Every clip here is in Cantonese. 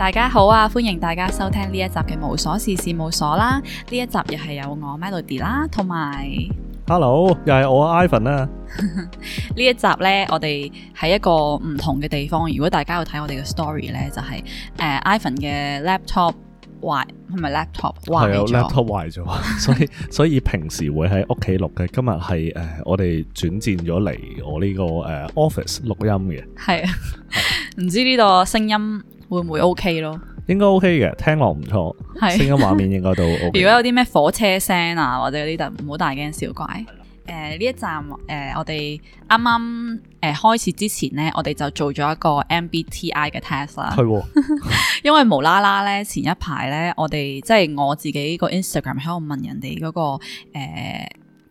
大家好啊！歡迎大家收聽呢一集嘅無瑣事事務所啦。呢一集又係有我 Melody 啦，同埋，Hello，又係我 Ivan 啦。呢一集咧，我哋喺一個唔同嘅地方。如果大家要睇我哋嘅 story 咧，就係誒 Ivan 嘅 laptop 壞，係咪 laptop 壞？係啊，laptop 壞咗，所以所以平時會喺屋企錄嘅。今日係誒我哋轉戰咗嚟我呢個誒 office 錄音嘅。係啊，唔知呢個聲音。會唔會 OK 咯？應該 OK 嘅，聽落唔錯。係聲 音畫面應該都 OK。 如果有啲咩火車聲啊，或者啲，唔好大驚小怪。誒的，呢、呃、一站誒、呃，我哋啱啱誒開始之前咧，我哋就做咗一個 MBTI 嘅 test 啦。係的， 因為無啦啦咧，前一排咧，我哋即係我自己個 Instagram 喺度問人哋嗰、嗰個誒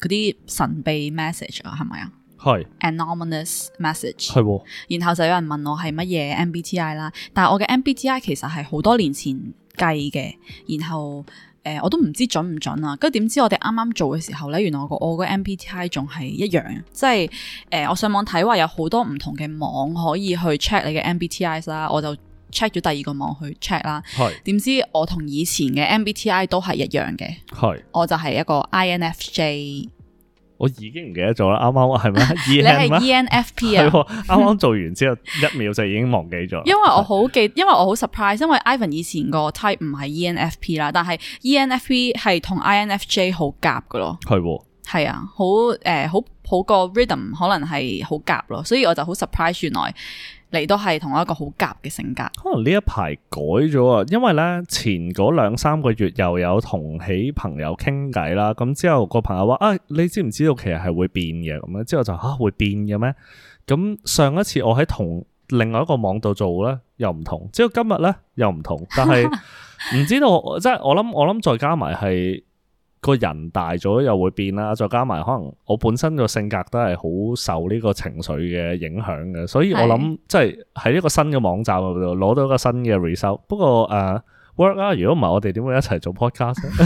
嗰啲神秘 message 啊，係咪啊？係 anonymous message，係的，然後就有人問我係乜嘢 MBTI 啦，但係我嘅 MBTI 其實係好多年前計嘅，然後誒、呃、我都唔知準唔準啊，跟住點知我哋啱啱做嘅時候呢，原來我個我個 MBTI 仲係一樣，即係誒、呃、我上網睇話有好多唔同嘅網可以去 check 你嘅 MBTI 啦，我就 check 咗第二個網去 check 啦，係是，點知我同以前嘅 MBTI 都係一樣嘅，係是，我就係一個 INFJ。我已經唔記得咗啦，啱啱係咪？你係 ENFP 啊？啱啱、 哦、做完之後 一秒就已經忘記咗。因為我好記，因為我好 surprise，因為 Ivan 以前個 type 唔係 ENFP 啦，但係 ENFP 係同 INFJ 好夾噶咯。係，係、 哦、啊，好誒、呃，好好個 rhythm 可能係好夾咯，所以我就好 surprise 原來。你都係同我一個好夾嘅性格，可能呢一排改咗啊！因為咧前嗰兩三個月又有同起朋友傾偈啦，咁之後個朋友話啊，你知唔知道其實係會變嘅咁咧？之後就吓、啊、會變嘅咩？咁上一次我喺同另外一個網度做咧又唔同，之後今日咧又唔同，但係唔知道 即係我諗我諗再加埋係。個人大咗又會變啦，再加埋可能我本身個性格都係好受呢個情緒嘅影響嘅，所以我諗即係喺一個新嘅網站度攞到一個新嘅 result 不過誒、uh, work 啦、啊，如果唔係我哋點會一齊做 podcast 咧 是？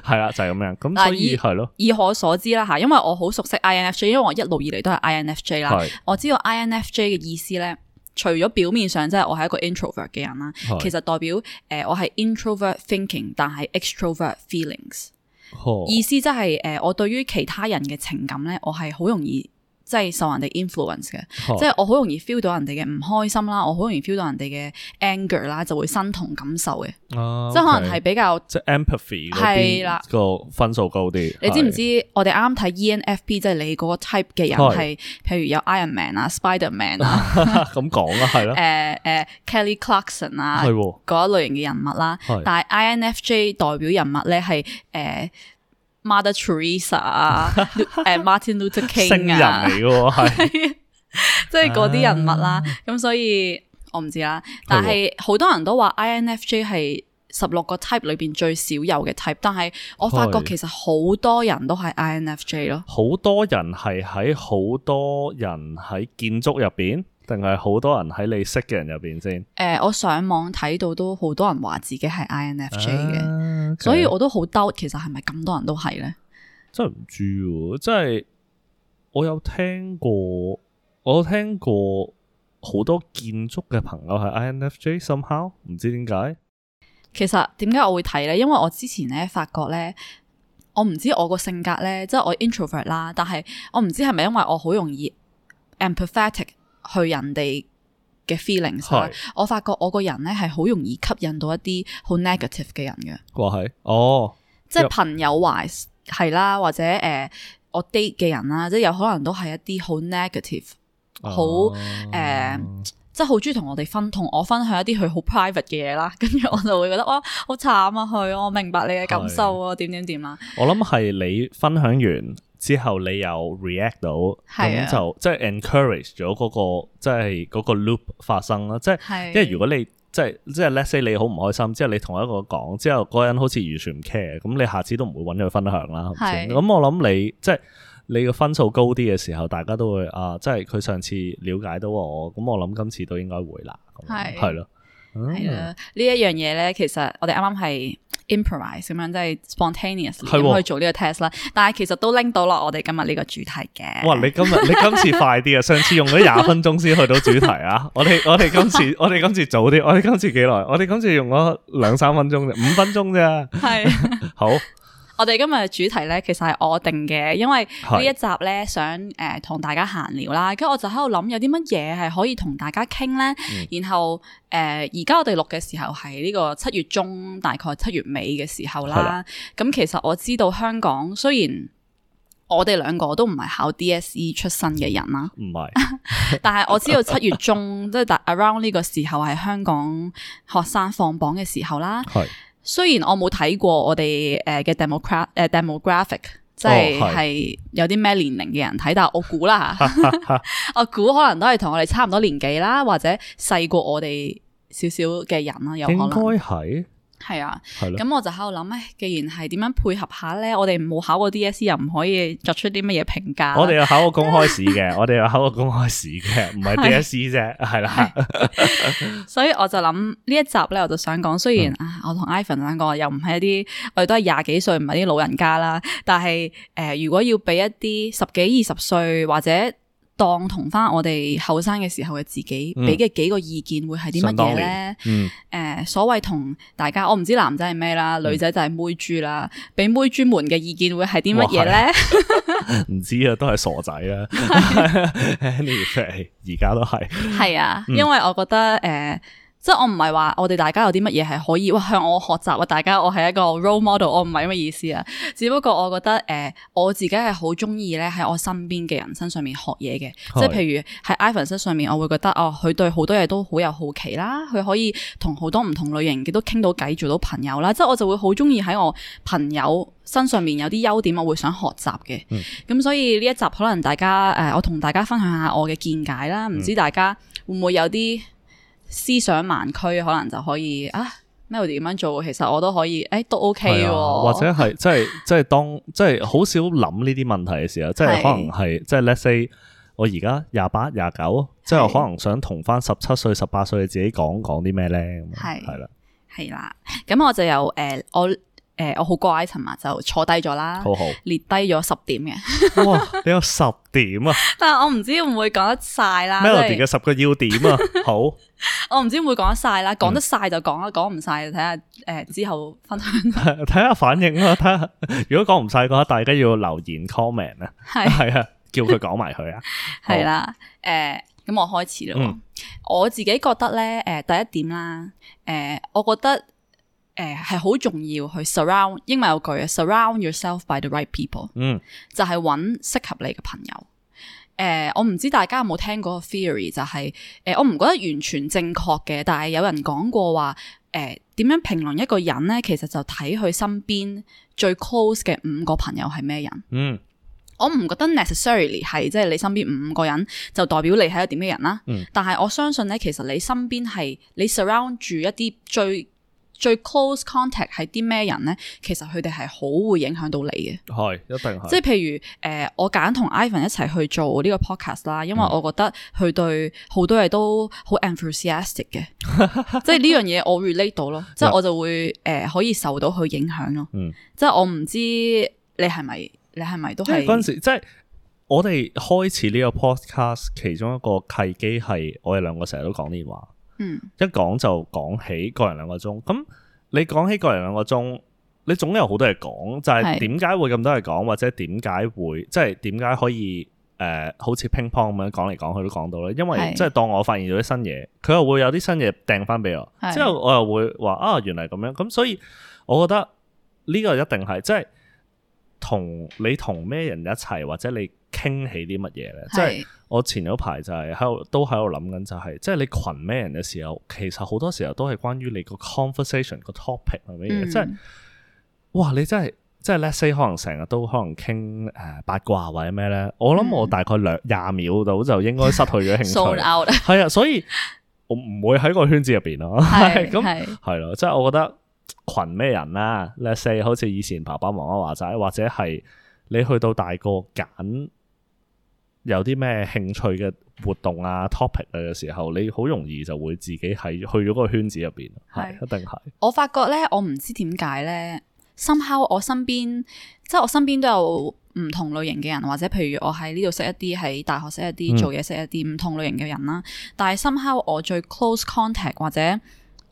係啊， 就係、是、咁樣。咁所以係以咯，以我所知啦嚇，因為我好熟悉 INFJ，因為我一路以嚟都係 INFJ 啦是。我知道 INFJ 嘅意思咧，除咗表面上即係我係一個 introvert 嘅人啦，是其實代表誒、呃、我係 introvert thinking，但係 extrovert feelings。意思即係，誒，我對於其他人嘅情感咧，我係好容易。即係受人哋 influence 嘅，即係呵我好容易 feel 到人哋嘅唔開心啦，我好容易 feel 到人哋嘅 anger 啦，就會身同感受嘅，即係、啊、可能係比較即係是 empathy 係啦個分數高啲。你知唔知我哋啱啱睇 ENFP 即係你嗰個 type 嘅人係，譬的如有 Iron Man 啊、Spider Man 啊咁講 啊、嗯，係咯，誒誒、呃呃、Kelly Clarkson 啊的，係喎嗰一類型嘅人物啦。的但係 INFJ 代表人物咧係誒。Mother Teresa 啊，誒 Martin Luther King 啊， 聖人嚟嘅喎，即係嗰啲人物啦。咁、啊、所以我唔知啦，但係好多人都話 INFJ 係十六個 type 裏邊最少有嘅 type，但係我發覺其實好多人都係 INFJ 咯。好多人係喺好多人喺建築入邊。定係好多人喺你識嘅人入邊先。誒、呃，我上網睇到都好多人話自己係 INFJ 嘅，啊 okay。所以我都好 doubt 其實係咪咁多人都係呢？真係唔知，真係我有聽過，我聽過好多建築嘅朋友係 INFJ，somehow 唔知點解。其實點解我會睇呢？因為我之前咧發覺咧，我唔知我個性格呢，即、就、係、是、我 introvert 啦，但係我唔知係咪因為我好容易 empathetic。去人哋嘅 feelings，我發覺我個人咧係好容易吸引到一啲好 negative 嘅人嘅。哇係，哦，即係朋友 wise 係、嗯、啦，或者誒、呃、我 date 嘅人啦，即係有可能都係一啲好 negative，好誒、哦呃，即係好中意同我哋分，同我分享一啲佢好 private 嘅嘢啦，跟住我就會覺得哇，好慘啊，佢，我明白你嘅感受啊，點點點啊。我諗係你分享完。之後你又 react 到，咁、啊、就即係 encourage 咗嗰、嗰個即係嗰個 loop 發生啦。即係是即係如果你即係即係 let say 你好唔開心，之後你同一個講之後嗰人好似完全唔 care，咁你下次都唔會揾佢分享啦。咁是我諗你即係你個分數高啲嘅時候，大家都會啊，即係佢上次了解到我，咁我諗今次都應該會啦。係咯，係是啊，呢、啊嗯啊、一樣嘢呢，其實我哋啱啱係。Improvise 咁樣即係 spontaneous 嚟的，去做呢個 test 啦。但係其實都拎到啦，我哋今日呢個主題嘅。哇！你今日你今次快啲啊， 上次用咗廿分鐘先去到主題啊。 我哋我哋今次我哋今次早啲，我哋今次幾耐？我哋今次用咗兩三分鐘啫，五分鐘啫。係。 的 好。我哋今日嘅主題咧，其實係我定嘅，因為呢一集咧想誒同、呃、大家閒聊啦，跟住我就喺度諗有啲乜嘢係可以同大家傾咧。然後誒，而家、嗯呃、我哋錄嘅時候係呢個七月中，大概七月尾嘅時候啦。咁是的、嗯、其實我知道香港雖然我哋兩個都唔係考 DSE 出身嘅人啦，唔係，但係我知道七月中即係 around 呢個時候係香港學生放榜嘅時候啦。係。雖然我冇睇過我哋誒嘅 demographic 誒 demographic，哦、即係係有啲咩年齡嘅人睇，但係我估啦嚇， 我估可能都係同我哋差唔多年紀啦，或者細過我哋少少嘅人咯，有可能。應係啊，咁我就喺度諗咧，既然係點樣配合下咧，我哋冇考過 DSE 又唔可以作出啲乜嘢評價。我哋又考過公開試嘅， 我哋又考過公開試嘅，唔係 DSE 啫，係啦。所以我就諗呢一集咧，我就想講，雖然啊，我同 Ivan 兩個又唔係一啲，我哋都係廿幾歲，唔係啲老人家啦。但係誒、呃，如果要俾一啲十幾二十歲或者。當同翻我哋後生嘅時候嘅自己，俾嘅幾個意見會係啲乜嘢咧？誒、嗯呃，所謂同大家，我唔知男仔係咩啦，女仔就係妹豬啦，俾、嗯、妹豬們嘅意見會係啲乜嘢咧？唔知啊， 知都係傻仔啦，Henry 而家都係，係啊，因為我覺得誒。嗯呃即係我唔係話我哋大家有啲乜嘢係可以，哇向我學習啊！大家我係一個 role model，我唔係咁嘅意思啊。只不過我覺得誒、呃，我自己係好中意咧喺我身邊嘅人身上面學嘢嘅。即係的譬如喺 Ivan 身上面，我會覺得哦，佢對好多嘢都好有好奇啦，佢可以同好多唔同類型嘅都傾到偈，做到朋友啦。即、就、係、是、我就會好中意喺我朋友身上面有啲優點，我會想學習嘅。咁、嗯、所以呢一集可能大家誒、呃，我同大家分享下我嘅見解啦。唔知大家會唔會有啲？思想盲區可能就可以啊，咩點樣做？其實我都可以，誒、哎、都 OK 喎、啊。或者係即係即係當即係好少諗呢啲問題嘅時候，即係 可能係即係、就是、Let's say 我而家廿八廿九，即係可能想同翻十七歲十八歲嘅自己講講啲咩咧？係係啦，係啦了，咁、啊、我就有誒、呃、我。誒、呃，我好乖，尋日就坐低咗啦，好好列低咗十點嘅。 哇，你有十點啊！但係我唔知會唔會講得晒啦。Melody 嘅十個要點啊，好， 我唔知會唔會講得晒啦，講得晒就講啊，講唔晒就睇下誒之後分享。睇 下 反應啦、啊，睇下如果講唔晒嘅話，大家要留言 comment 啊，係 啊，叫佢講埋佢啊。係啦，誒、 啊，咁、呃、我開始啦。嗯、我自己覺得咧，誒、呃，第一點啦，誒、呃，我覺得。誒，係好、呃、重要去 surround，英文有句啊，surround yourself by the right people，嗯、就係揾適合你嘅朋友。誒、呃，我唔知大家有冇聽過個 theory，就係、是、誒、呃，我唔覺得完全正確嘅，但係有人講過話，誒、呃，點樣評論一個人咧？其實就睇佢身邊最 close 嘅五個朋友係咩人。嗯，我唔覺得 necessarily 係即係、就是、你身邊五個人就代表你係個點嘅人啦。嗯、但係我相信咧，其實你身邊係你 surround 住一啲最。最 close contact 係啲咩人咧？其實佢哋係好會影響到你嘅，係一定係。即係譬如誒、呃，我揀同 Ivan 一齊去做呢個 podcast 啦，因為我覺得佢對好多嘢都好 enthusiastic 嘅， 即係呢樣嘢我 relate 到咯， 即係我就會誒、呃、可以受到佢影響咯。嗯，即係我唔知你係咪，你係咪都係？嗰時即係我哋開始呢個 podcast，其中一個契機係我哋兩個成日都講呢話。嗯、一講就講起個人兩個鐘，咁你講起個人兩個鐘，你總有好多嘢講，就係點解會咁多嘢講，或者點解會即係點解可以誒、呃，好似乒乓咁樣講嚟講去都講到咧？因為即係是當我發現咗啲新嘢，佢又會有啲新嘢掟翻俾我，之後是我又會話啊，原來咁樣。咁所以我覺得呢個一定係即係同你同咩人一齊或者你，傾起啲乜嘢咧？是即係我前有排就係喺度，都喺度諗緊，就係即係你群咩人嘅時候，其實好多時候都係關於你個 conversation 個 topic 係乜嘢。嗯、即係哇，你真係即係 let’s say 可能成日都可能傾誒、呃、八卦或者咩咧？我諗我大概兩廿、嗯、秒度就應該失去咗興趣。係啊，所以我唔會喺個圈子入邊咯。咁係咯，即係、 嗯、是我覺得群咩人啦？Let’s say 好似以前爸爸媽媽話齋，或者係你去到大，大個揀。有啲咩興趣嘅活動啊、topic 啊嘅時候，你好容易就會自己係去咗嗰個圈子入邊，係是一定係。我發覺咧，我唔知點解咧，somehow 我身邊，即係我身邊都有唔同類型嘅人，或者譬如我喺呢度識一啲，喺大學識一啲，做嘢識一啲唔同類型嘅人啦。嗯、但係 somehow 我最 close contact 或者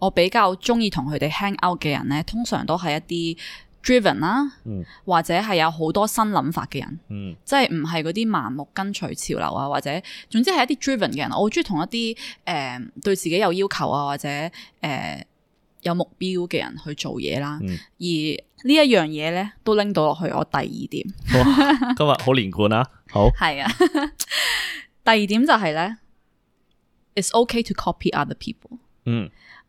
我比較中意同佢哋 hang out 嘅人咧，通常都係一啲，driven 啦，Dri 啊，嗯、或者係有好多新諗法嘅人，嗯、即係唔係嗰啲盲目跟隨潮流啊，或者總之係一啲 driven 嘅人，我好中意同一啲誒、呃、對自己有要求啊或者誒、呃、有目標嘅人去做嘢啦、啊。嗯、而呢一樣嘢咧，都拎到落去我第二點。今日好連貫啊， 好係啊。是的 第二點就係、是、咧，It's okay to copy other people、嗯。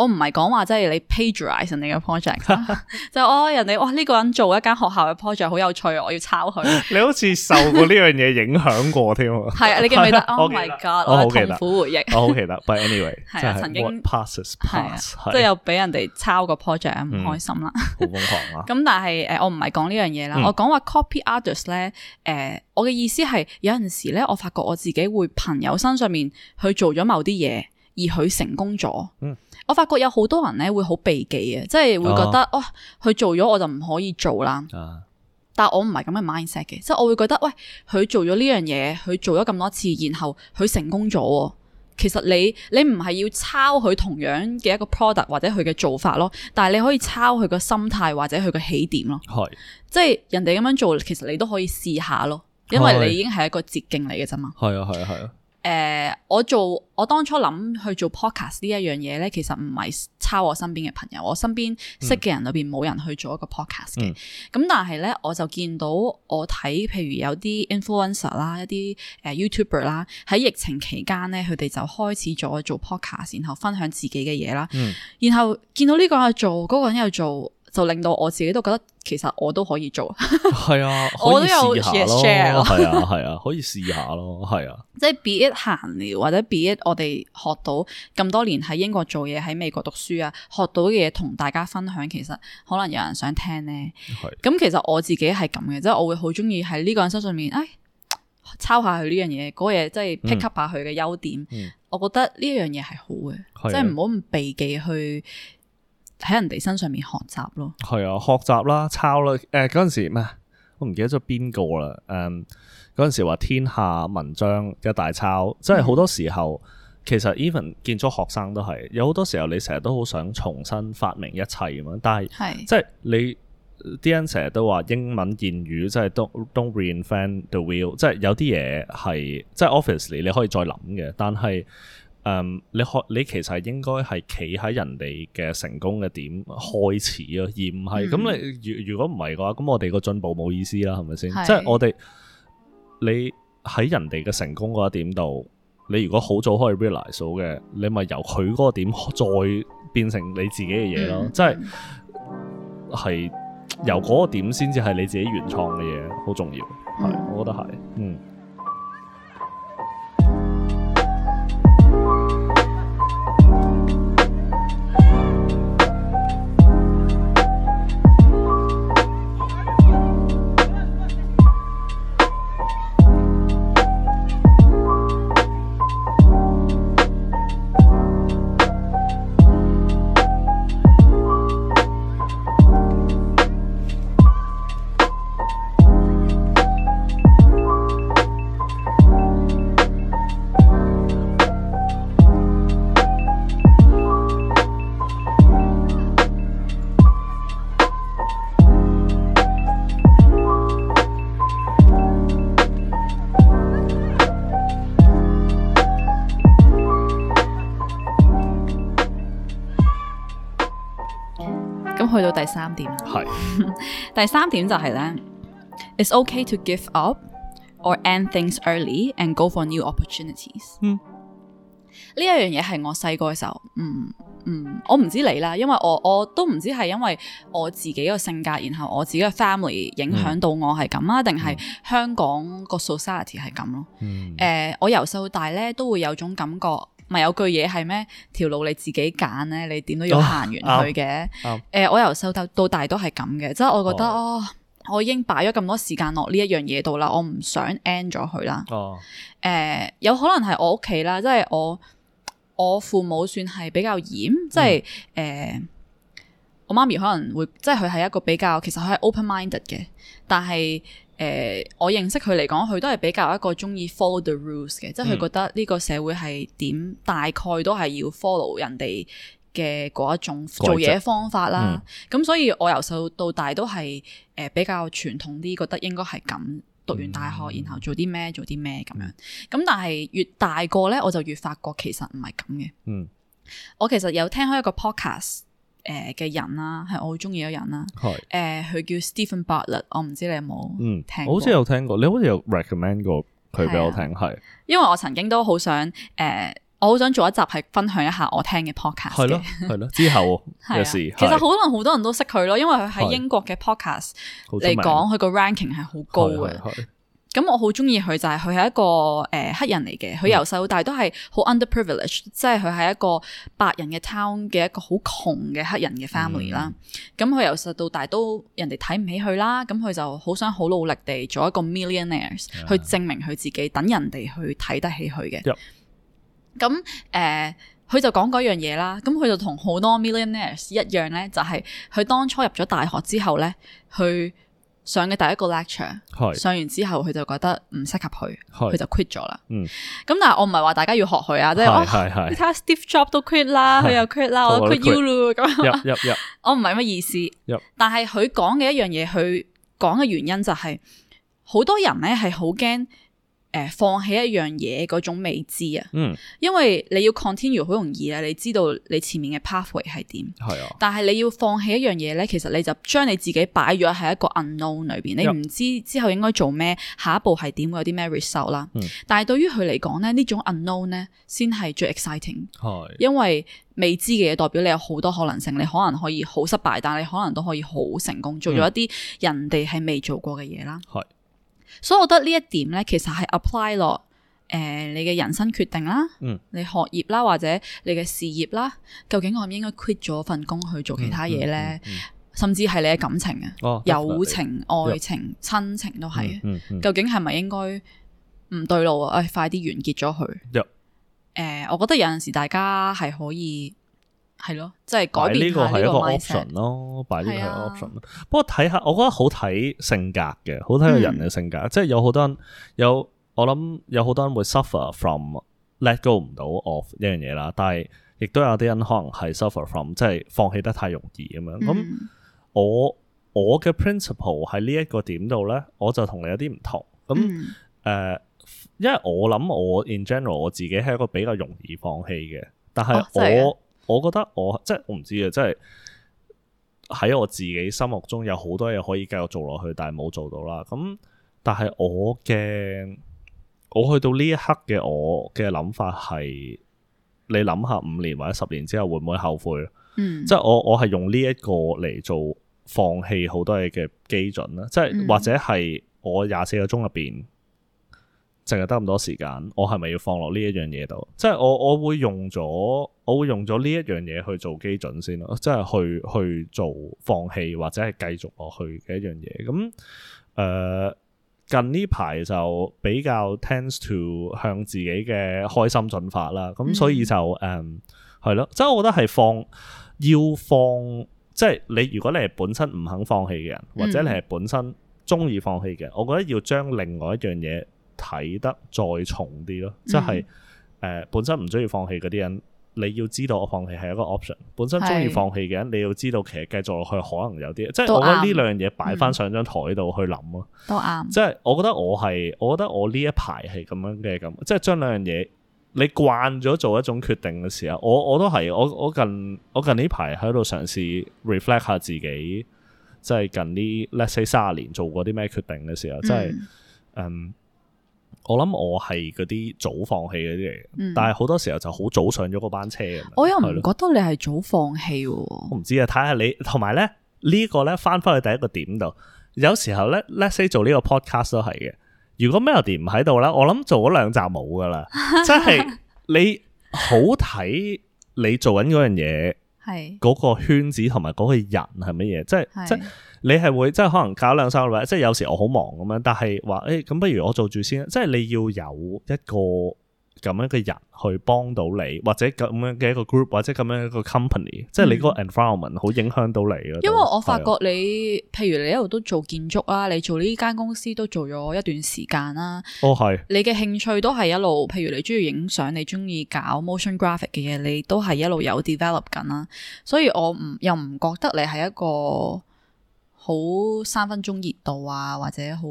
我唔係講話，即係你 pageurize 你嘅 project， 就哦，人哋哇呢、這個人做一間學校嘅 project 好有趣，我要抄佢 。你好似受過呢樣嘢影響過添啊？你記唔記得？Oh my god！我、 哦、痛苦回憶。我好期待 but anyway，曾經 passes pass 即係又俾人哋抄個 project 唔開心啦，好瘋狂啊！咁但係誒、嗯呃，我唔係講呢樣嘢啦，我講話 copy others 咧，誒，我嘅意思係有陣時咧，我發覺我自己會朋友身上面去做咗某啲嘢，而佢成功咗。嗯。我發覺有好多人咧，會好避忌嘅，即係會覺得哇，佢、啊哦、做咗我就唔可以做啦。啊、但係我唔係咁嘅 mindset 嘅，即係我會覺得喂，佢做咗呢樣嘢，佢做咗咁多次，然後佢成功咗。其實你你唔係要抄佢同樣嘅一個 product 或者佢嘅做法咯，但係你可以抄佢個心態或者佢個起點咯。係是，即係人哋咁樣做，其實你都可以試下咯，因為你已經係一個捷徑嚟嘅啫嘛。係啊的，係啊，係啊。誒、呃，我做我當初諗去做 podcast 呢一樣嘢咧，其實唔係抄我身邊嘅朋友，我身邊識嘅人裏邊冇人去做一個 podcast 嘅。咁、嗯、但係咧，我就見到我睇，譬如有啲 influencer 啦，一啲誒 youtuber 啦，喺疫情期間咧，佢哋就開始咗做，做 podcast，然後分享自己嘅嘢啦。嗯，然後見到呢個又做，嗰個又做，嗰個又做就令到我自己都覺得其實我都可以做，係 啊，可以試下咯，係 啊，係啊，啊，可以試下咯，係啊，即係 be it 閒聊或者 be it 我哋學到咁多年喺英國做嘢喺美國讀書啊，學到嘅嘢同大家分享，其實可能有人想聽呢。咁是其實我自己係咁嘅，即係我會好中意喺呢個人身上面，哎，抄下佢呢樣嘢，嗰樣嘢即係 pick up 下佢嘅優點，嗯、我覺得呢樣嘢係好嘅，的即係唔好咁避忌去。喺人哋身上面學習咯，係啊，學習啦，抄啦。誒嗰陣時咩？我唔記得咗邊個啦。誒嗰陣時話天下文章一大抄，嗯、即係好多時候其實 even 見咗學生都係有好多時候你成日都好想重新發明一切咁樣，但係是即係你啲人成日都話英文諺語即係、就是、don't don't reinvent the wheel，即係有啲嘢係即係 obviously 你可以再諗嘅，但係。誒，你學、um, 你其實應該係企喺人哋嘅成功嘅點開始啊，而唔係咁。你如如果唔係嘅話，咁我哋個進步冇意思啦，係咪先？即係我哋你喺人哋嘅成功嗰一點度，你如果好早可以 realize 嘅，你咪由佢嗰個點再變成你自己嘅嘢咯。即係係由嗰個點先至係你自己原創嘅嘢，好重要。係，嗯、我覺得係，嗯。第三點就係、是、咧，It's okay to give up or end things early and go for new opportunities、嗯。呢一樣嘢係我細個嘅時候，嗯嗯，我唔知你啦，因為我我都唔知係因為我自己嘅性格，然後我自己嘅 family 影響到我係咁啊，定係、嗯、香港個 society 係咁咯？誒、嗯呃，我由細到大咧都會有種感覺。咪有句嘢係咩？條路你自己揀咧，你點都要行完佢嘅。誒、oh, right , right. 呃，我由細到到大都係咁嘅，即係我覺得，oh. 哦、我已經擺咗咁多時間落呢一樣嘢度啦，我唔想 end 咗佢啦。誒、oh. 呃，有可能係我屋企啦，即係我我父母算係比較嚴，mm. 即係誒、呃、我媽咪可能會，即係佢係一個比較其實佢係 open-minded 嘅，但係。誒、呃，我認識佢嚟講，佢都係比較一個中意 follow the rules 嘅，嗯、即係佢覺得呢個社會係點大概都係要 follow 人哋嘅嗰一種做嘢方法啦。咁、嗯、所以，我由細到大都係誒、呃、比較傳統啲，覺得應該係咁讀完大學，然後做啲咩、嗯、做啲咩咁樣。咁、嗯、但係越大個咧，我就越發覺其實唔係咁嘅。嗯，我其實有聽開一個 podcast。誒嘅人啦，係我好中意一個人啦。係誒，佢叫 Stephen Bartlett，我唔知你有冇嗯，我好似有聽過，你好似有 recommend 過佢俾我聽，係、啊、是因為我曾經都好想誒、呃，我好想做一集係分享一下我聽嘅 podcast 的。係咯 ，係咯，之後嘅事。其實可能好多人都識佢咯，因為佢喺英國嘅 podcast 嚟講的，佢個 ranking 係好高嘅。咁我好中意佢就係佢係一個誒、呃、黑人嚟嘅，佢由細到大都係好 underprivileged 即係佢係一個白人嘅 town 嘅一個好窮嘅黑人嘅 family 啦。咁佢由細到大都人哋睇唔起佢啦，咁佢就好想好努力地做一個 millionaires, 嗯嗯 去證明佢自己，等人哋去睇得起佢嘅。咁誒、嗯嗯，佢、呃、就講嗰樣嘢啦。咁佢就同好多 millionaires 一樣呢，就係、是、佢當初入咗大學之後呢。去。上嘅第一個 lecture，是上完之後佢就覺得唔適合佢，佢是就 quit 咗啦。咁、嗯、但係我唔係話大家要學佢啊，即、就、係、是哦，你睇下 Steve Jobs 都 quit 啦，佢又 quit 啦，qu 是我 quit you 咯咁。入、yeah, yeah , yeah, 我唔係乜意思。yeah. 但係佢講嘅一樣嘢，佢講嘅原因就係、是、好多人咧係好驚。誒，放棄一樣嘢嗰種未知啊，嗯，因為你要 continue 好容易啊，你知道你前面嘅 pathway 係點，係啊、嗯，但係你要放棄一樣嘢咧，其實你就將你自己擺咗喺一個 unknown 裏邊，你唔知之後應該做咩，下一步係點，會有啲咩 result 啦、嗯，但係對於佢嚟講咧，呢種 unknown 咧，先係最 exciting，係是，因為未知嘅嘢代表你有好多可能性，你可能可以好失敗，但係你可能都可以好成功，做咗一啲人哋係未做過嘅嘢啦，係、嗯。所以我覺得呢一點呢，其實係 apply 落誒、呃、你嘅人生決定啦，你學業啦，或者你嘅事業啦，究竟我是是應唔應該 quit 咗份工去做其他嘢呢？嗯嗯嗯嗯、甚至係你嘅感情啊，哦、友情、啊、愛情、親、啊、情都係，啊嗯嗯嗯、究竟係咪應該唔對路啊？哎、快啲完結咗佢、啊啊。我覺得有陣時大家係可以。係咯，即係、就是、改呢變一下個一個 option 咯，擺呢個係一個 option。咯。是啊、不過睇下，我覺得好睇性格嘅，好睇個人嘅性格。嗯、即係有好多人有，我諗有好多人會 suffer from let go 唔到 of 呢樣嘢啦。但係亦都有啲人可能係 suffer from，即係放棄得太容易咁、嗯、樣。咁我我嘅 principle 喺呢一個點度咧，我就同你有啲唔同。咁誒、嗯呃，因為我諗我 in general 我自己係一個比較容易放棄嘅，但係、哦、我。我覺得我即係我唔知啊，即係喺我自己心目中有好多嘢可以繼續做落去，但係冇做到啦。咁但係我嘅我去到呢一刻嘅我嘅諗法係，你諗下五年或者十年之後會唔會後悔？嗯，即係我我係用呢一個嚟做放棄好多嘢嘅基準啦，即係或者係我廿四個鐘入邊。成日得咁多時間，我係咪要放落呢一樣嘢度？即係我我會用咗，我會用咗呢一樣嘢去做基準先咯。即係去去做放棄或者係繼續落去嘅一樣嘢。咁、嗯、誒近呢排就比較 tends to 向自己嘅開心進發啦。咁、嗯、哼所以就誒係、嗯、咯。即係我覺得係放要放，即係你如果你係本身唔肯放棄嘅人，或者你係本身中意放棄嘅人，嗯、我覺得要將另外一樣嘢，睇得再重啲咯，即係誒，本身唔中意放棄嗰啲人，你要知道我放棄係一個 option；本身中意放棄嘅人，是你要知道其實繼續落去可能有啲，即係對我覺得呢兩樣嘢擺翻上張台度去諗咯，都啱。即、嗯、係我覺得我係，我覺得我呢一排係咁樣嘅咁，即係將兩樣嘢你慣咗做一種決定嘅時候，我我都係，我近我近我近呢排喺度嘗試 reflect 下自己，即、就、係、是、近呢，let’s say 三十年做過啲咩決定嘅時候，即係嗯。嗯我諗我係嗰啲早放棄嗰啲嚟嘅，嗯、但係好多時候就好早上咗嗰班車咁。我又唔覺得你係早放棄。我唔知啊，睇下你。同埋咧呢、呢個咧翻翻去第一個點度，有時候咧，Let’s say 做呢個 podcast 都係嘅。如果 Melody 唔喺度咧，我諗做嗰兩集冇噶啦。即係 你好睇你做緊嗰樣嘢，係嗰 個圈子同埋嗰個人係乜嘢？即係即係。你係會即係可能搞兩三日，即係有時我好忙咁樣，但係話誒，咁、哎、不如我做住先。即係你要有一個咁樣嘅人去幫到你，或者咁樣嘅一個 group，或者咁樣一個 company，即係你個 environment 好影響到你嘅。因為我發覺你，對譬如你一路都做建築啊，你做呢間公司都做咗一段時間啦。哦，係。你嘅興趣都係一路，譬如你中意影相，你中意搞 motion graphic 嘅嘢，你都係一路有 develop 緊啦。所以我唔又唔覺得你係一個。好三分鐘熱度啊，或者好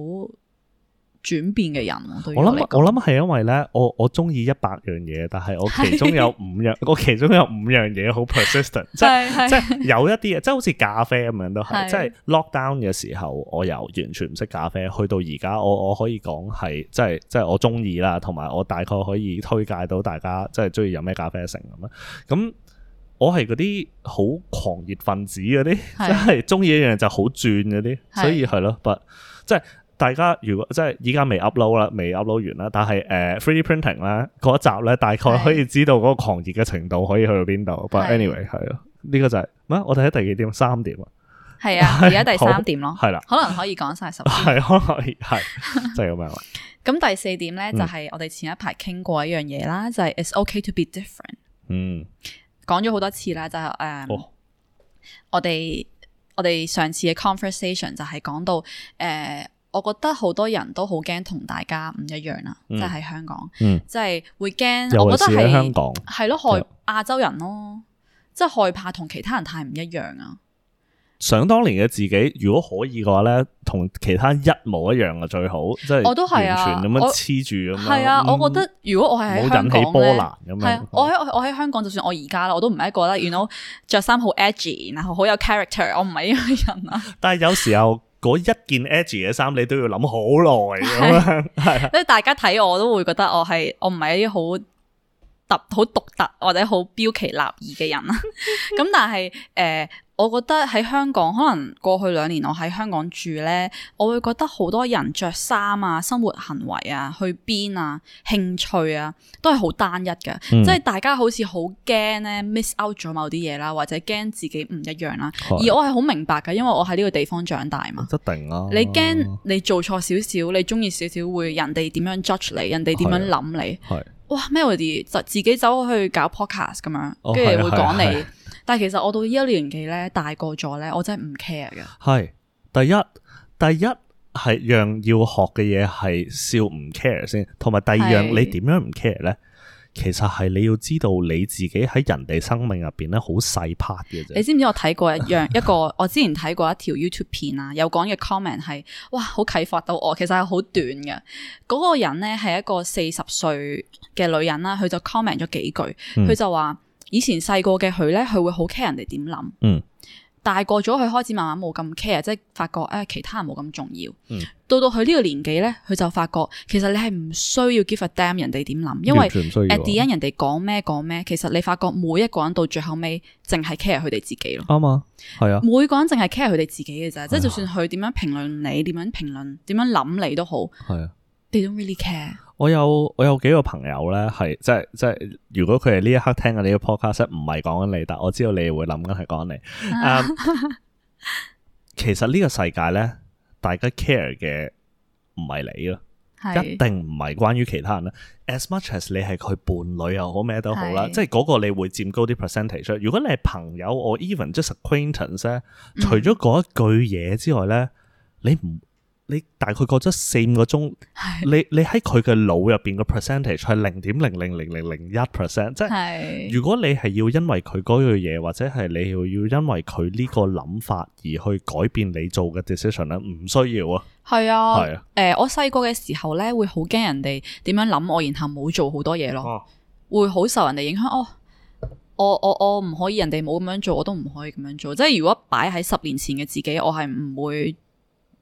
轉變嘅人啊，我我，我諗我諗係因為咧，我我中意一百樣嘢，但係我其中有五樣， 我其中有五樣嘢好 persistent， 即係 即係有一啲嘢，即係好似咖啡咁樣都係， 即係 lock down 嘅時候，我由完全唔識咖啡，去到而家，我我可以講係，即係即係我中意啦，同埋我大概可以推介到大家，即係中意飲咩咖啡成咁啊，咁。我係嗰啲好狂熱分子嗰啲，即係中意一樣就好轉嗰啲，的所以係咯，but 即係大家如果即係而家未 upload 啦，未 upload 完啦，但係誒 3D printing 咧，嗰一集咧，大概可以知道嗰個狂熱嘅程度可以去到邊度。的 but anyway 係咯，呢、這個就係、是、咩？我睇下第幾點，三點啊，係啊，而家第三點咯，係啦，可能可以講晒十係，可能係就係、是、咁樣咁 第四點咧就係、是、我哋前一排傾過一樣嘢啦，就係、是、it's okay to be different。嗯。講咗好多次啦，就誒、是 uh, oh.，我哋我哋上次嘅 conversation 就係講到誒，uh, 我覺得好多人都好驚同大家唔一樣啦、啊，即係喺香港，即係會驚，我覺得係香港係咯害亞洲人咯，即、就、係、是、害怕同其他人太唔一樣啊。想當年嘅自己，如果可以嘅話咧，同其他一模一樣嘅最好，即係我都係啊，完全咁樣黐住咁樣。係啊，嗯、我覺得如果我係香港咧，係啊，我喺我喺香港，就算我而家啦，我都唔係一個咧，原來着衫好 edge，然後好有 character，我唔係呢個人啊。但係有時候嗰一件 edge 嘅衫，你都要諗好耐咁樣。係啊，即係、 啊啊、大家睇我，我都會覺得我係我唔係一啲好特好獨特或者好標奇立異嘅人啊。咁 但係誒。呃我覺得喺香港，可能過去兩年我喺香港住咧，我會覺得好多人着衫啊、生活行為啊、去邊啊、興趣啊，都係好單一嘅。嗯、即係大家好似好驚咧 miss out 咗某啲嘢啦，或者驚自己唔一樣啦。而我係好明白嘅，因為我喺呢個地方長大嘛。一定啊！你驚你做錯少少，你中意少少會人哋點樣 judge 你，人哋點樣諗你？哇，Melody 就自己走去搞 podcast 咁樣，跟住會講你。哦但係其實我到一呢個年紀咧，大個咗咧，我真係唔 care 㗎。係第一，第一係樣要學嘅嘢係笑唔 care 先，同埋第二是你樣你點樣唔 care 咧？其實係你要知道你自己喺人哋生命入邊咧，好細 part 嘅啫。你知唔知我睇過一樣 一個我之前睇過一條 YouTube 片啊，有講嘅 comment 係哇，好啟發到我。其實係好短嘅，嗰、嗰個人咧係一個四十歲嘅女人啦，佢就 comment 咗幾句，佢就話。嗯以前細個嘅佢咧，佢會好 care 人哋點諗。嗯，大過咗，佢開始慢慢冇咁 care，即係發覺誒，其他人冇咁重要。嗯，到到佢呢個年紀咧，佢就發覺其實你係唔需要 give a damn 人哋點諗，唔需要因為 at the end 人哋講咩講咩，其實你發覺每一個人到最後尾，淨係 care 佢哋自己咯。啱啊、嗯，係、嗯、啊。每一個人淨係 care 佢哋自己嘅咋，即係、嗯、就算佢點樣評論你，點、哎、呀樣評論，點樣諗你都好。係啊、哎。They don't really care。我有我有幾個朋友咧，係即係即係，如果佢係呢一刻聽緊你個 podcast，唔係講緊你，但我知道你會諗緊係講緊你。Um, 其實呢個世界咧，大家 care 嘅唔係你咯，是一定唔係關於其他人啦。As much as 你係佢伴侶又好咩都好啦，即係嗰個你會佔高啲 percentage。如果你係朋友，我 even just acquaintance 咧，除咗嗰一句嘢之外咧， 你唔。你大概過咗四五個鐘是的，你你喺佢嘅腦入邊個 percentage 係零點零零零零零一 percent，即係是的 如果你係要因為佢嗰樣嘢，或者係你要要因為佢呢個諗法而去改變你做嘅 decision 咧，唔需要啊。係啊的，係啊，誒，我細個嘅時候咧，啊、會好驚人哋點樣諗我，然後冇做好多嘢咯，會好受人哋影響。我我我唔可以人哋冇咁樣做，我都唔可以咁樣做。即係如果擺喺十年前嘅自己，我係唔會。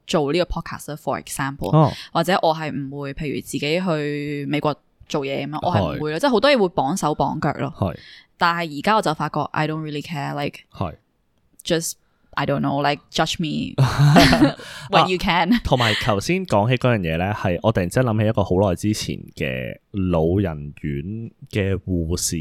做呢個 podcast 咧，for example，或者我係唔會，譬如自己去美國做嘢咁樣，我係唔會咯，即係好多嘢會綁手綁腳咯。係，但係而家我就發覺，I don't really care，like，just I don't know，like judge me but you can。同埋頭先講起嗰樣嘢咧，係我突然之間諗起一個好耐之前嘅老人院嘅護士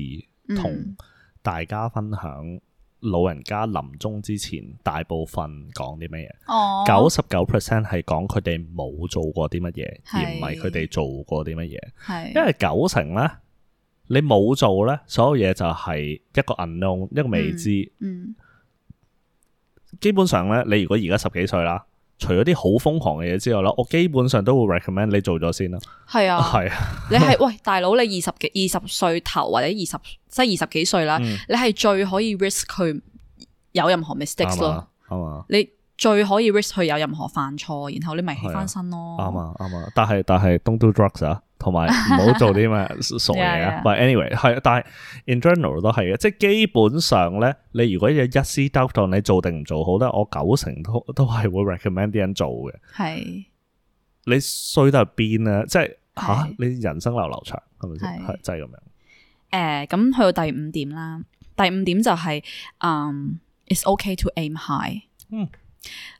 同大家分享。老人家臨終之前，大部分講啲乜嘢？九十九 percent 係講佢哋冇做過啲乜嘢，是而唔係佢哋做過啲乜嘢。是因為九成呢，你冇做呢，所有嘢就係一個 unknown，一個未知。嗯，嗯。基本上呢，你如果而家十幾歲啦。除咗啲好瘋狂嘅嘢之外啦，我基本上都會 recommend 你做咗先啦。係啊，係、哦、啊， 你係，喂大佬，你二十幾二十歲頭或者二十即係二十幾歲啦，嗯、你係最可以 risk 佢有任何 mistakes 咯，係嘛？你。最可以 risk 佢有任何犯錯，然後你咪起翻身咯。啱啊，啱啊。但係但係 ，don't do drugs 啊，同埋唔好做啲咩傻嘢啊。喂 anyway 係，但係 in general 都係嘅，即係基本上咧，你如果要一絲 double，你做定唔做好咧，我九成都都係會 recommend 啲人做嘅。係的你衰得到邊啊，即係吓，你人生流流長係咪先？係真係咁樣。誒咁、uh, 去到第五點啦。第五點就係、是、嗯、um，it's okay to aim high。嗯。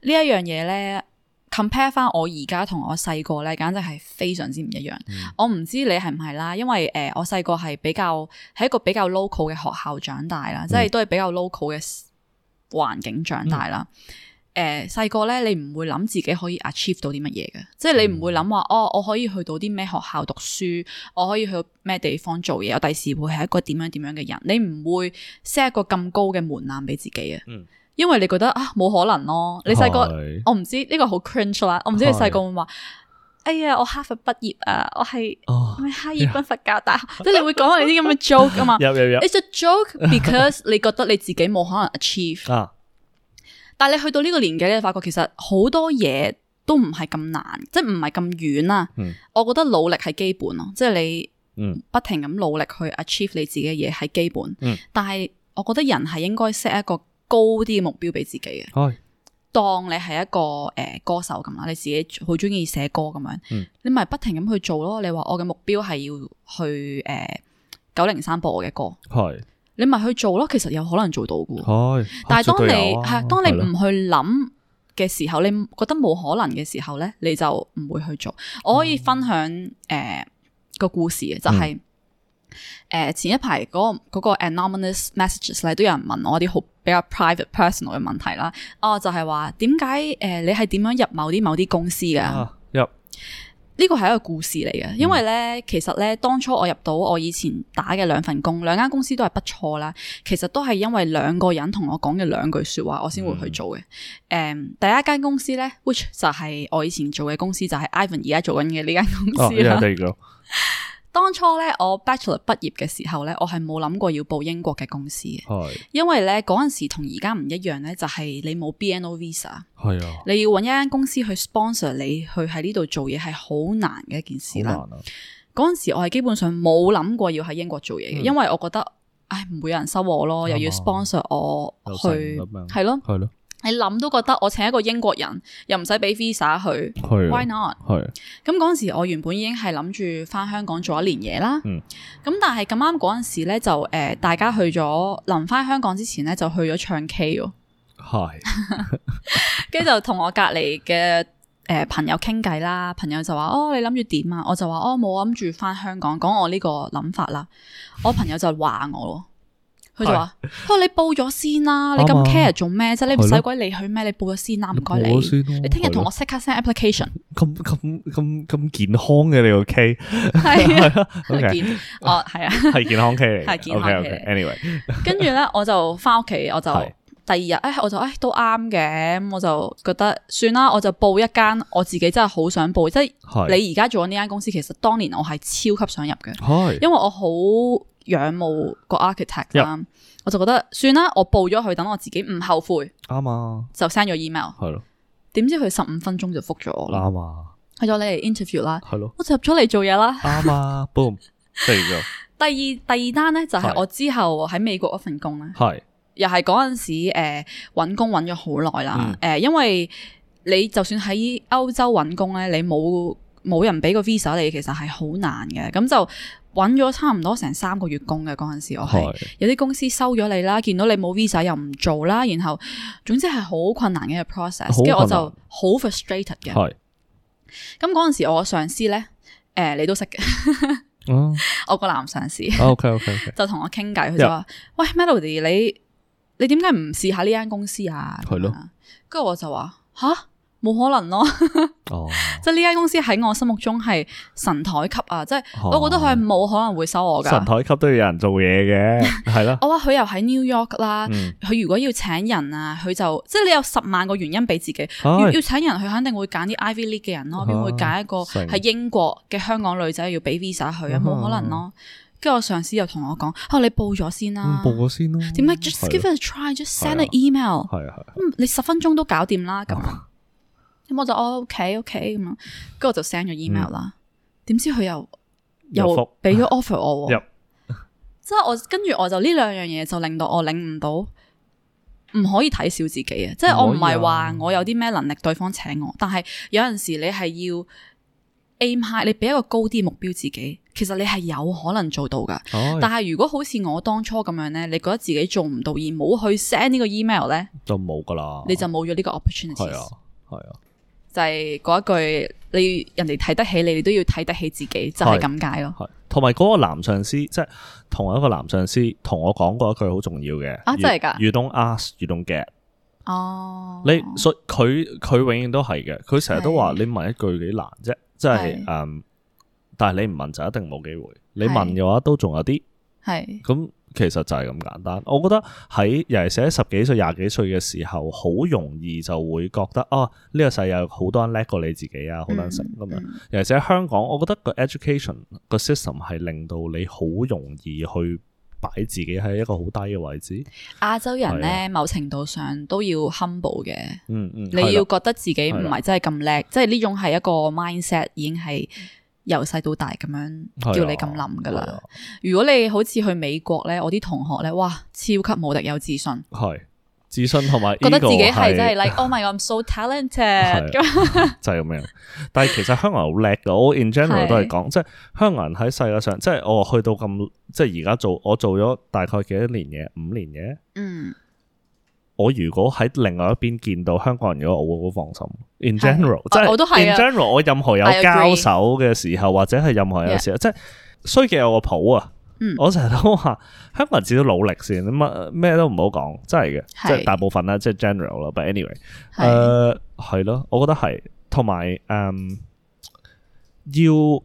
呢一樣嘢咧，compare 翻我而家同我細個咧，簡直係非常之唔一樣。嗯、我唔知你係唔係啦，因為誒、呃，我細個係比較喺一個比較 local 嘅學校長大啦，嗯、即係都係比較 local 嘅環境長大啦。誒、嗯，細個咧，你唔會諗自己可以 achieve 到啲乜嘢嘅，即係、嗯、你唔會諗話哦，我可以去到啲咩學校讀書，我可以去到咩地方做嘢，我第時會係一個點樣點樣嘅人，你唔會 set 一個咁高嘅門檻俾自己啊。嗯因為你覺得啊，冇可能咯，你細是、個我唔知呢個好 cringe 啦，我唔知你細個會話，是哎呀我哈佛畢業啊，我係咩，哦，哈爾濱佛教大學， 即係你會講你啲咁嘅 joke 啊嘛，係係係，it's a joke because 你覺得你自己冇可能 achieve 啊，但係你去到呢個年紀你發覺其實好多嘢都唔係咁難，即係唔係咁遠啦。嗯，我覺得努力係基本咯，即係你不停咁努力去 achieve 你自己嘅嘢係基本。嗯，但係我覺得人係應該 set 一個高啲嘅目標俾自己嘅，哎、當你係一個誒、呃、歌手咁啦，你自己好中意寫歌咁樣，嗯、你咪不停咁去做咯。你話我嘅目標係要去誒九零三播我嘅歌，係、哎、你咪去做咯。其實有可能做到嘅，哎、但係當你係、啊、當你唔去諗嘅時候，你覺得冇可能嘅時候咧，你就唔會去做。我可以分享誒、嗯呃、個故事嘅，就係、是嗯。誒、uh, 前一排嗰、嗰個嗰個 anonymous messages 咧，都有人問我啲好比較 private personal 嘅問題啦。哦、啊，就係話點解誒你係點樣入某啲某啲公司嘅？入呢個係一個故事嚟嘅，因為咧其實咧當初我入到我以前打嘅兩份工，兩間公司都係不錯啦。其實都係因為兩個人同我講嘅兩句説話，我先會去做嘅。誒、uh, um, 第一間公司咧，which 就係我以前做嘅公司，就係、係、Ivan 而家做緊嘅呢間公司啦。Uh, yeah, 當初咧，我 bachelor 畢業嘅時候咧，我係冇諗過要報英國嘅公司嘅，的因為咧嗰陣時同而家唔一樣咧，就係、是、你冇 BNO visa，係啊的，你要搵一間公司去 sponsor 你去喺呢度做嘢係好難嘅一件事啦。嗰陣、啊、時我係基本上冇諗過要喺英國做嘢嘅，的因為我覺得唉唔會有人收我咯，的又要 sponsor 我去，係咯，係咯的。的你諗都覺得，我請一個英國人又唔使俾 visa 去 why not？咁嗰陣時我原本已經係諗住翻香港做一年嘢啦。咁、嗯、但係咁啱嗰陣時咧就誒、呃、大家去咗臨翻香港之前咧就去咗唱 K 哦。係的， 跟住就同我隔籬嘅誒朋友傾偈啦。朋友就話哦，你諗住點啊？我就話哦，冇諗住翻香港，講我呢個諗法啦。我朋友就話我。 佢就話，佢話你報咗先啦，你咁 care 做咩啫？你唔使鬼理佢咩？你報咗先啦，唔該你。你聽日同我即刻 send application。咁咁咁咁健康嘅你個 K。係啊，健哦係啊，係健康 K 嚟。係健康 K。Anyway，跟住咧我就翻屋企，我就第二日，哎，我就哎都啱嘅，我就覺得算啦，我就報一間我自己真係好想報，即係你而家做緊呢間公司，其實當年我係超級想入嘅，因為我好。仰慕個 architect 啦，Yeah. 我就覺得算啦，我報咗佢，等我自己唔後悔。啱啊 Yeah. Yeah.，就 send 咗 email。係咯，點知佢十五分鐘就覆咗我啦。啱啊，去咗你嚟 interview 啦。係 Yeah .咯，我就入咗嚟做嘢啦。啱啊，boom，第二，第二單咧就係、是、我之後喺美國嗰份工咧，係 Yeah. 又係嗰陣時誒搵、呃、工搵咗好耐啦，誒，Yeah. 因為你就算喺歐洲搵工咧，你冇冇人俾個 visa 你，其實係好難嘅，咁就。揾咗差唔多成三個月工嘅嗰陣時，我係是有啲公司收咗你啦，見到你冇 visa 又唔做啦，然後總之係好困難嘅一個 process，跟住我就好 frustrated 嘅。係是。咁嗰陣時，我上司呢，誒、呃、你都識嘅， 哦、 我個男上司。哦、OK OK, okay. 就同我傾偈，佢就話：Yeah. 喂，Melody，你你點解唔試下呢間公司啊？係咯的。跟住我就話：吓？」冇可能咯，即係呢間公司喺我心目中係神台級啊！即係，我覺得佢冇可能會收我噶。神台級都要有人做嘢嘅，係咯。我話佢又喺 New York 啦，佢如果要請人啊，佢就即係你有十萬個原因俾自己要要請人，佢肯定會揀啲 Ivy League 嘅人咯，邊會揀一個喺英國嘅香港女仔要俾 visa 佢啊？冇可能咯。跟住我上司又同我講：，哦，你報咗先啦，報咗先咯。點解？Just give it a try，Just send an email。你十分鐘都搞掂啦咁。咁我就哦，OK OK 咁樣，跟住我就 send 咗 email 啦、嗯。點知佢又覆又俾咗 offer、啊、我，即係 我跟住我就呢兩樣嘢就令到我領悟到，唔可以睇小自己啊！即、就、係、是、我唔係話我有啲咩能力，對方請我，啊、但係有陣時你係要 aim high，你俾一個高啲目標自己，其實你係有可能做到噶。哎、但係如果好似我當初咁樣咧，你覺得自己做唔到而冇去 send 呢個 email 咧，就冇噶啦，你就冇咗呢個 opportunity。係啊，係啊。就係嗰一句，你人哋睇得起你，你都要睇得起自己，就係咁解咯。係，同埋嗰個男上司，即係同一個男上司同我講過一句好重要嘅。啊，真係噶？You don't ask, you don't get。哦。你所佢佢永遠都係嘅，佢成日都話你問一句幾難啫，即係誒，但係你唔問就一定冇機會，你問嘅話都仲有啲係咁。其實就係咁簡單。我覺得喺尤其係十幾歲、廿幾歲嘅時候，好容易就會覺得啊，呢、個世界好多人叻過你自己啊，好難成咁啊。尤其係香港，我覺得個 education 個 system 係令到你好容易去擺自己喺一個好低嘅位置。亞洲人呢，的某程度上都要 humble 嘅、嗯。嗯嗯，你要覺得自己唔係真係咁叻，的即係呢種係一個 mindset 已經係。由細到大咁樣叫你咁諗噶啦。的如果你好似去美國咧，我啲同學咧，哇，超級無敵有自信。係自信同埋覺得自己係真係 like，Oh 的 my god，I'm so talented 的。 就係、是、咁樣。但係其實香港人好叻噶。我 in general 都係講，的即係香港人喺世界上，即係我、哦、去到咁，即係而家做我做咗大概幾多年嘢？五年嘅。嗯。我如果喺另外一邊見到香港人，如果我會好放心。In general，的即係是、啊、In general，我任何有交手嘅時候，I agree. 或者係任何有時候，Yeah. 即係衰嘅有個譜啊。嗯、我成日都話香港人自己努力先，乜咩都唔好講，真係嘅。的即係大部分啦，即係 general 啦，but anyway，係的。誒、呃，係咯，我覺得係，同埋，嗯、um,，要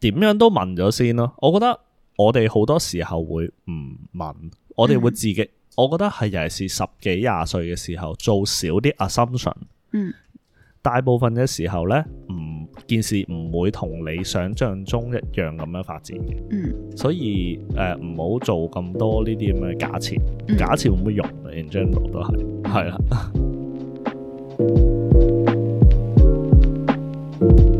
點樣都問咗先咯。我覺得我哋好多時候會唔問，我哋會自己、嗯。我覺得係尤其是十幾廿歲嘅時候，做少啲 assumption。嗯，大部分嘅時候呢唔件事唔會同你想象中一樣咁樣發展嘅。嗯，所以誒，唔、呃、唔好做咁多呢啲咁嘅假設。假設會冇用，in general 都係係啦。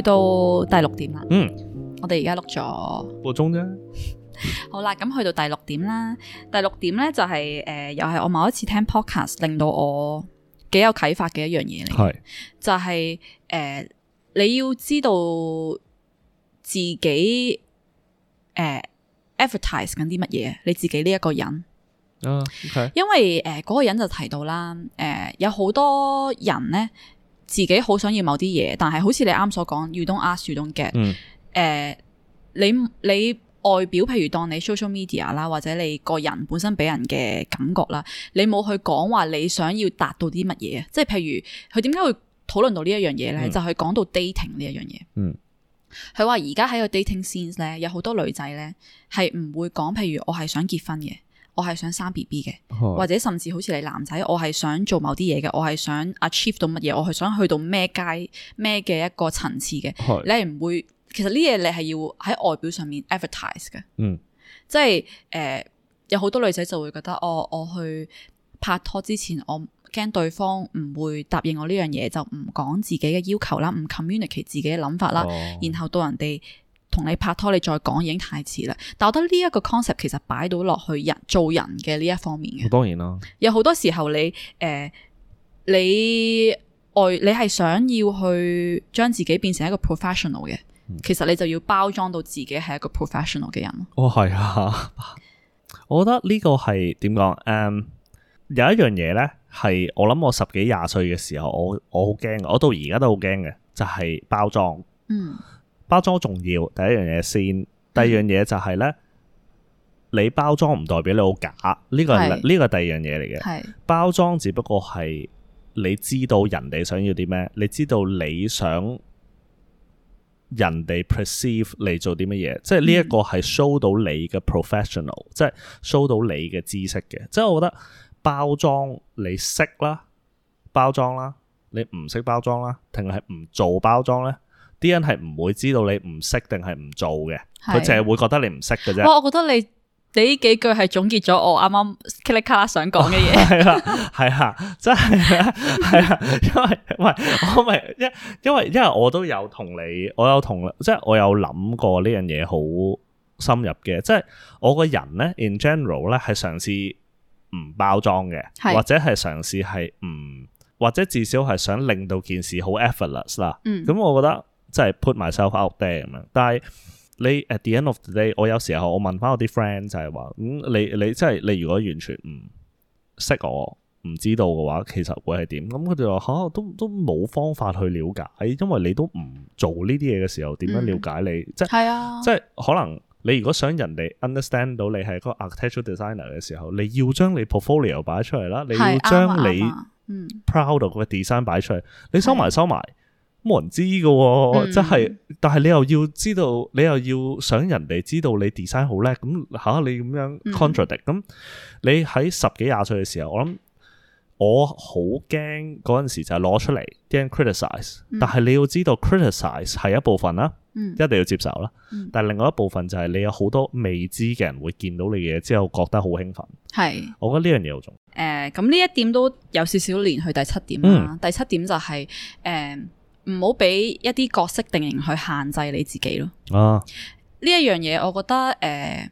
去到第六點啦，嗯，我哋而家錄咗個鐘啫。好啦，咁去到第六點啦，第六點咧就係誒又係我某一次聽 podcast 令到我幾有啟發嘅一樣嘢嚟，係就係誒你要知道自己誒 advertise 緊啲乜嘢，你自己呢一個人啊，okay. 因為誒嗰個人就提到啦，誒有好多人咧。自己好想要某啲嘢，但係好似你啱所講，You don't ask, you don't get。嗯，呃，你你外表譬如，當你 social media 啦，或者你個人本身俾人嘅感覺啦，你冇去講話你想要達到啲乜嘢，即係譬如佢點解會討論到呢一樣嘢咧？就係講到 dating 呢一樣嘢。嗯，佢話而家喺個 dating scene 咧，有好多女仔咧係唔會講，譬如我係想結婚嘅。我係想生 B B 嘅，的或者甚至好似你男仔，我係想做某啲嘢嘅，我係想 achieve 到乜嘢，我係想去到咩街，咩嘅一個層次嘅，的你係唔會，其實呢嘢你係要喺外表上面 advertise 嘅，嗯，即係誒、呃，有好多女仔就會覺得，哦，我去拍拖之前，我驚對方唔會答應我呢樣嘢，就唔講自己嘅要求啦，唔 communicate 自己嘅諗法啦，哦、然後到人哋。同你拍拖，你再講已經太遲啦。但我覺得呢一個 concept 其實擺到落去人做人嘅呢一方面嘅，當然啦。有好多時候你誒、呃、你外、呃、你係想要去將自己變成一個 professional 嘅，嗯、其實你就要包裝到自己係一個 professional 嘅人。哦，係啊， 我覺得呢個係點講誒？Um, 有一樣嘢呢，係我諗我十幾廿歲嘅時候，我我好驚我到而家都好驚嘅，就係、是、包裝。嗯。包裝好重要，第一樣嘢先，第二樣嘢就係、是、咧，嗯、你包裝唔代表你好假，呢、這個呢個是第二樣嘢嚟嘅。是包裝只不過係你知道人哋想要啲咩，你知道你想人哋 perceive 你做啲乜嘢，嗯、即係呢一個係 show 到你嘅 professional，、嗯、即係 show 到你嘅知識嘅。嗯、即係我覺得包裝你識啦，包裝啦，你唔識包裝啦，定係唔做包裝咧？啲人係唔會知道你唔識定係唔做嘅，佢淨係會覺得你唔識嘅啫。我覺得你你呢幾句係總結咗我啱啱噼里卡啦想講嘅嘢。係啦、哦，係啊，真係啊，係啊，因為唔係我咪因因為因為，因為我都有同你，我有同即係、就是、我有諗過呢樣嘢好深入嘅，即、就、係、是、我個人咧，in general 咧係嘗試唔包裝嘅，的或者係嘗試係唔或者至少係想令到件事好 effortless 啦。咁我覺得。嗯即係 put myself out there 咁樣，但係你 at the end of the day，我有時候我問翻我啲 friend 就係話：，咁、嗯、你你即係你如果完全唔識我，唔知道嘅話，其實會係點？咁佢哋話嚇都都冇方法去了解，因為你都唔做呢啲嘢嘅時候，點樣了解你？嗯、即係、啊、即係可能你如果想人哋 understand 到你係個 architectural designer 嘅時候，你要將你 portfolio 擺出嚟啦，你要將你 proud of 嗰個 design 擺出嚟，啊啊嗯、你收埋是收埋。收冇人知嘅，嗯、真係。但係你又要知道，你又要想人哋知道你 design 好叻，咁嚇、啊、你咁樣 contradict、嗯。咁你喺十幾廿歲嘅時候，我諗我好驚嗰陣時就攞出嚟驚 criticize。但係你要知道 criticize 係一部分啦，嗯、一定要接受啦。嗯、但係另外一部分就係你有好多未知嘅人會見到你嘅嘢之後覺得好興奮。係是，我覺得呢樣嘢好重要。誒、嗯，咁呢一點都有少少連去第七點啦。第七點就係誒。嗯嗯嗯嗯嗯嗯唔好俾一啲角色定型去限制你自己咯。哦，呢一樣嘢，我覺得誒、呃，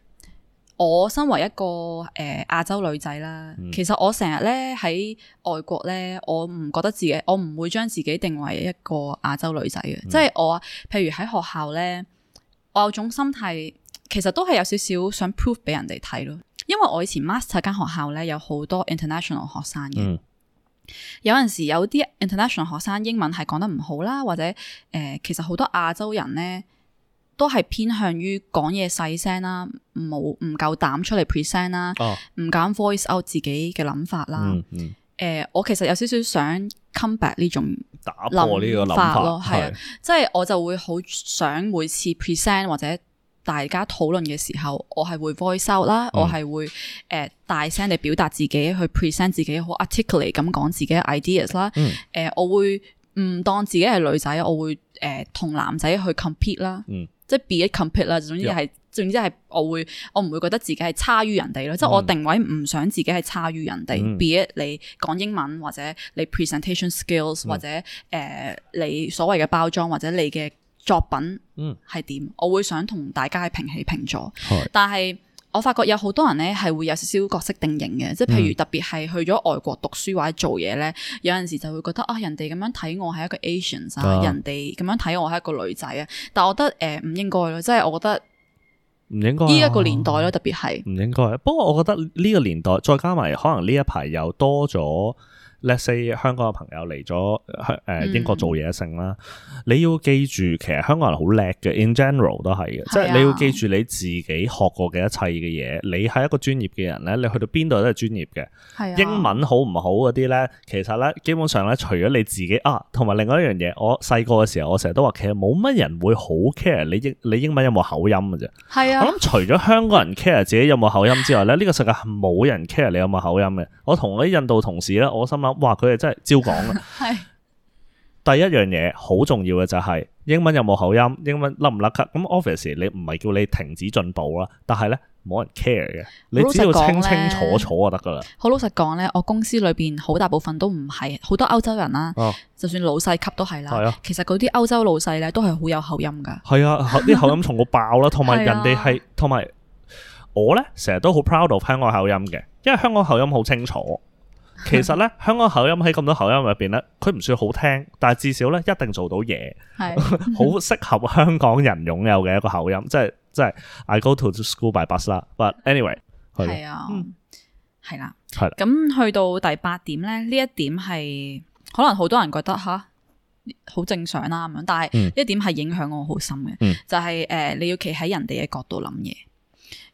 我身為一個誒呃、亞洲女仔啦，嗯、其實我成日咧喺外國咧，我唔覺得自己，我唔會將自己定為一個亞洲女仔嘅。嗯、即係我，譬如喺學校咧，我有種心態，其實都係有少少想 prove 俾人哋睇咯。因為我以前 master 間學校咧，有好多 international 學生嘅。嗯有陣時有啲 international 學生英文係講得唔好啦，或者誒、呃，其實好多亞洲人咧都係偏向於講嘢細聲啦，冇唔夠膽出嚟 present 啦，唔敢 voice out 自己嘅諗法啦。誒、嗯嗯呃，我其實有少少想 come back 呢種打破呢個諗法咯，係啊，即係我就會好想每次 present 或者。大家討論嘅時候，我係會 voice out 啦、嗯，我係會誒、uh, 大聲地表達自己，去 present 自己，好 articulate 咁講自己嘅 ideas 啦、嗯。誒、呃，我會唔當自己係女仔，我會誒同、uh, 男仔去 compete,、嗯、compete 啦，即係 be a compete 啦。總之係、就是，嗯、總之係，我會我唔會覺得自己係差於人哋咯。即係、嗯、我定位唔想自己係差於人哋。嗯、be 你講英文或者你 presentation skills、嗯、或者誒、uh, 你所謂嘅包裝或者你嘅作品，嗯係點？我會想同大家平起平坐，但係我發覺有好多人咧係會有少少角色定型嘅，即係譬如特別係去咗外國讀書或者做嘢呢，嗯、有陣時就會覺得啊，人哋咁樣睇我係一個 Asians、啊、人哋咁樣睇我係一個女仔啊，但我覺得誒唔、呃、唔應該咯，即係我覺得唔應該呢、啊、一,一個年代咯、啊啊，特別係唔應該。不過我覺得呢個年代再加埋可能呢一排又多咗。Let's say 香港嘅朋友嚟咗誒英國做嘢性啦，嗯、你要記住，其實香港人好叻嘅，in general 都係嘅，啊、即係你要記住你自己學過嘅一切嘅嘢，你係一個專業嘅人咧，你去到邊度都係專業嘅。啊、英文好唔好嗰啲咧，其實咧基本上咧，除咗你自己啊，同埋另外一樣嘢，我細個嘅時候我成日都話其實冇乜人會好 care 你英你英文有冇口音嘅啫。係啊，我諗除咗香港人 care 自己有冇口音之外咧，呢、這個世界冇人 care 你有冇口音嘅。我同嗰啲印度同事咧，我心哇！佢哋真係照講啊。係 是第一樣嘢好重要嘅就係、是、英文有冇口音，英文甩唔甩級？咁 Office 你唔係叫你停止進步啦，但係呢冇人 care 嘅，你只要清清楚楚就得噶啦。好老實講呢，我公司裏邊好大部分都唔係好多歐洲人啦、啊，哦、就算老細級都係啦。啊、其實嗰啲歐洲老細呢都係好有口音噶。係啊，啲口音重到爆啦，同埋 人哋係，同埋、啊、我呢成日都好 proud of 香港口音嘅，因為香港口音好清楚。其實咧，香港口音喺咁多口音入邊咧，佢唔算好聽，但係至少咧一定做到嘢，係好 適合香港人擁有嘅一個口音，即係即係 I go to the school by bus anyway,、啊嗯、啦。But anyway，係啊，係啦，係啦。咁去到第八點咧，呢一點係可能好多人覺得吓，好正常啦咁樣，但係呢一點係影響我好深嘅，嗯、就係、是、誒、呃、你要企喺人哋嘅角度諗嘢。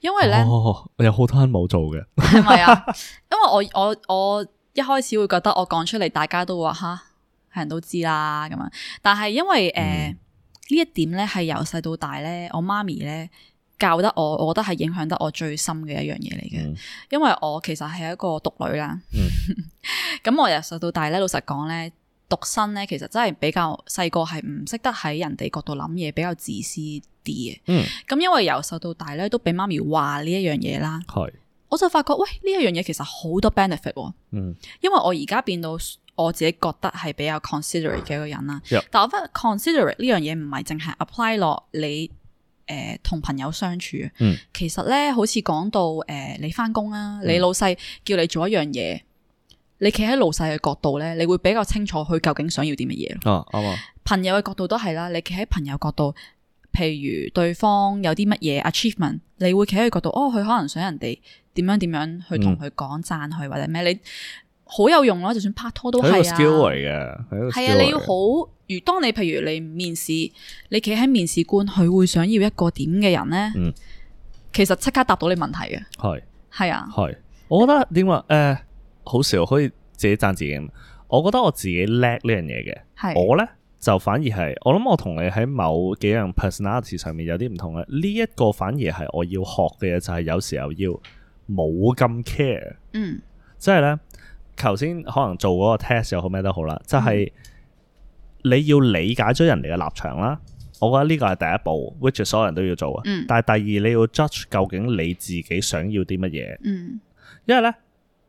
因為咧，我、哦、有好多人冇做嘅，係咪啊？因為我我我一開始會覺得我講出嚟，大家都話吓，人都知啦咁樣。但係因為誒呢、嗯呃、一點咧，係由細到大咧，我媽咪咧教得我，我覺得係影響得我最深嘅一樣嘢嚟嘅。嗯、因為我其實係一個獨女啦，咁、嗯 嗯、我由細到大咧，老實講咧。獨生咧，其實真係比較細個係唔識得喺人哋角度諗嘢，比較自私啲嘅。嗯，咁因為由細到大咧，都俾媽咪話呢一樣嘢啦。係是，我就發覺喂，呢一樣嘢其實好多 benefit，哦。嗯，因為我而家變到我自己覺得係比較 considerate 嘅一個人啦。嗯，但我覺得 considerate 呢樣嘢唔係淨係 apply 落你誒同、呃、朋友相處。嗯，其實咧好似講到誒、呃、你返工啊，你老細叫你做一樣嘢。你企喺老細嘅角度咧，你會比較清楚佢究竟想要啲乜嘢咯。哦，朋友嘅角度都係啦，你企喺朋友角度，譬如對方有啲乜嘢 achievement，你會企喺佢角度，哦，佢可能想人哋點樣點樣去同佢講，讚佢或者咩，你好有用咯，就算拍拖都係啊。係啊，你要好，如當你譬如你面試，你企喺面試官，佢會想要一個點嘅人咧？嗯，其實即刻答到你問題嘅，係係啊，係，我覺得點話？誒。好少可以自己讚自己，我覺得我自己叻呢樣嘢嘅。是我呢就反而係，我諗我同你喺某幾樣 personality 上面有啲唔同嘅。呢、這、一個反而係我要學嘅嘢，就係、是、有時候要冇咁 care。嗯，即係呢頭先可能做嗰個 test 又好咩都好啦，即、就、係、是、你要理解咗人哋嘅立場啦。我覺得呢個係第一步，which 所有人都要做啊。嗯、但係第二你要 judge 究竟你自己想要啲乜嘢。因為呢。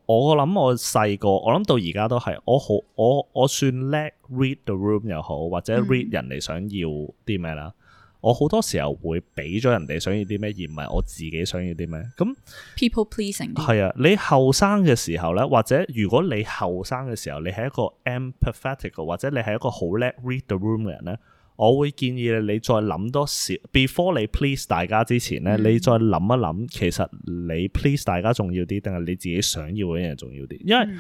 我諗我細個，我諗到而家都係，我好我我算叻 read the room 又好，或者 read 人哋想要啲咩啦。嗯、我好多時候會俾咗人哋想要啲咩，而唔係我自己想要啲咩。咁 people pleasing 係啊。你後生嘅時候咧，或者如果你後生嘅時候，你係一個 empathetic，或者你係一個好叻 read the room 嘅人咧。我會建議你再諗多少，Before 你 please 大家之前咧，嗯、你再諗一諗，其實你 please 大家重要啲，定係你自己想要嘅嘢重要啲？因為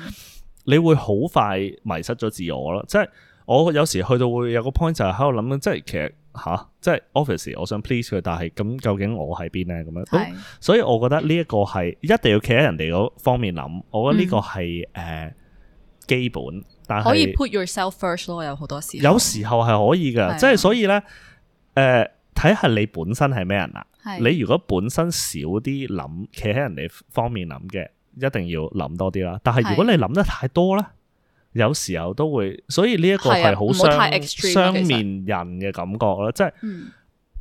你會好快迷失咗自我咯。即係我有時去到會有個 point 就喺度諗緊，即係其實吓，即係 office，我想 please 佢，但係咁究竟我喺邊咧？咁樣，是所以我覺得呢一個係一定要企喺人哋嗰方面諗，我覺得呢個係誒、嗯呃、基本。但可以 put yourself first 咯，有好多時。有時候係可以嘅，即係所以咧，誒，睇、呃、下你本身係咩人啦。啊、你如果本身少啲諗，企喺人哋方面諗嘅，一定要諗多啲啦。但係如果你諗得太多咧，啊、有時候都會，所以呢一個係好雙雙面人嘅感覺啦。即係實，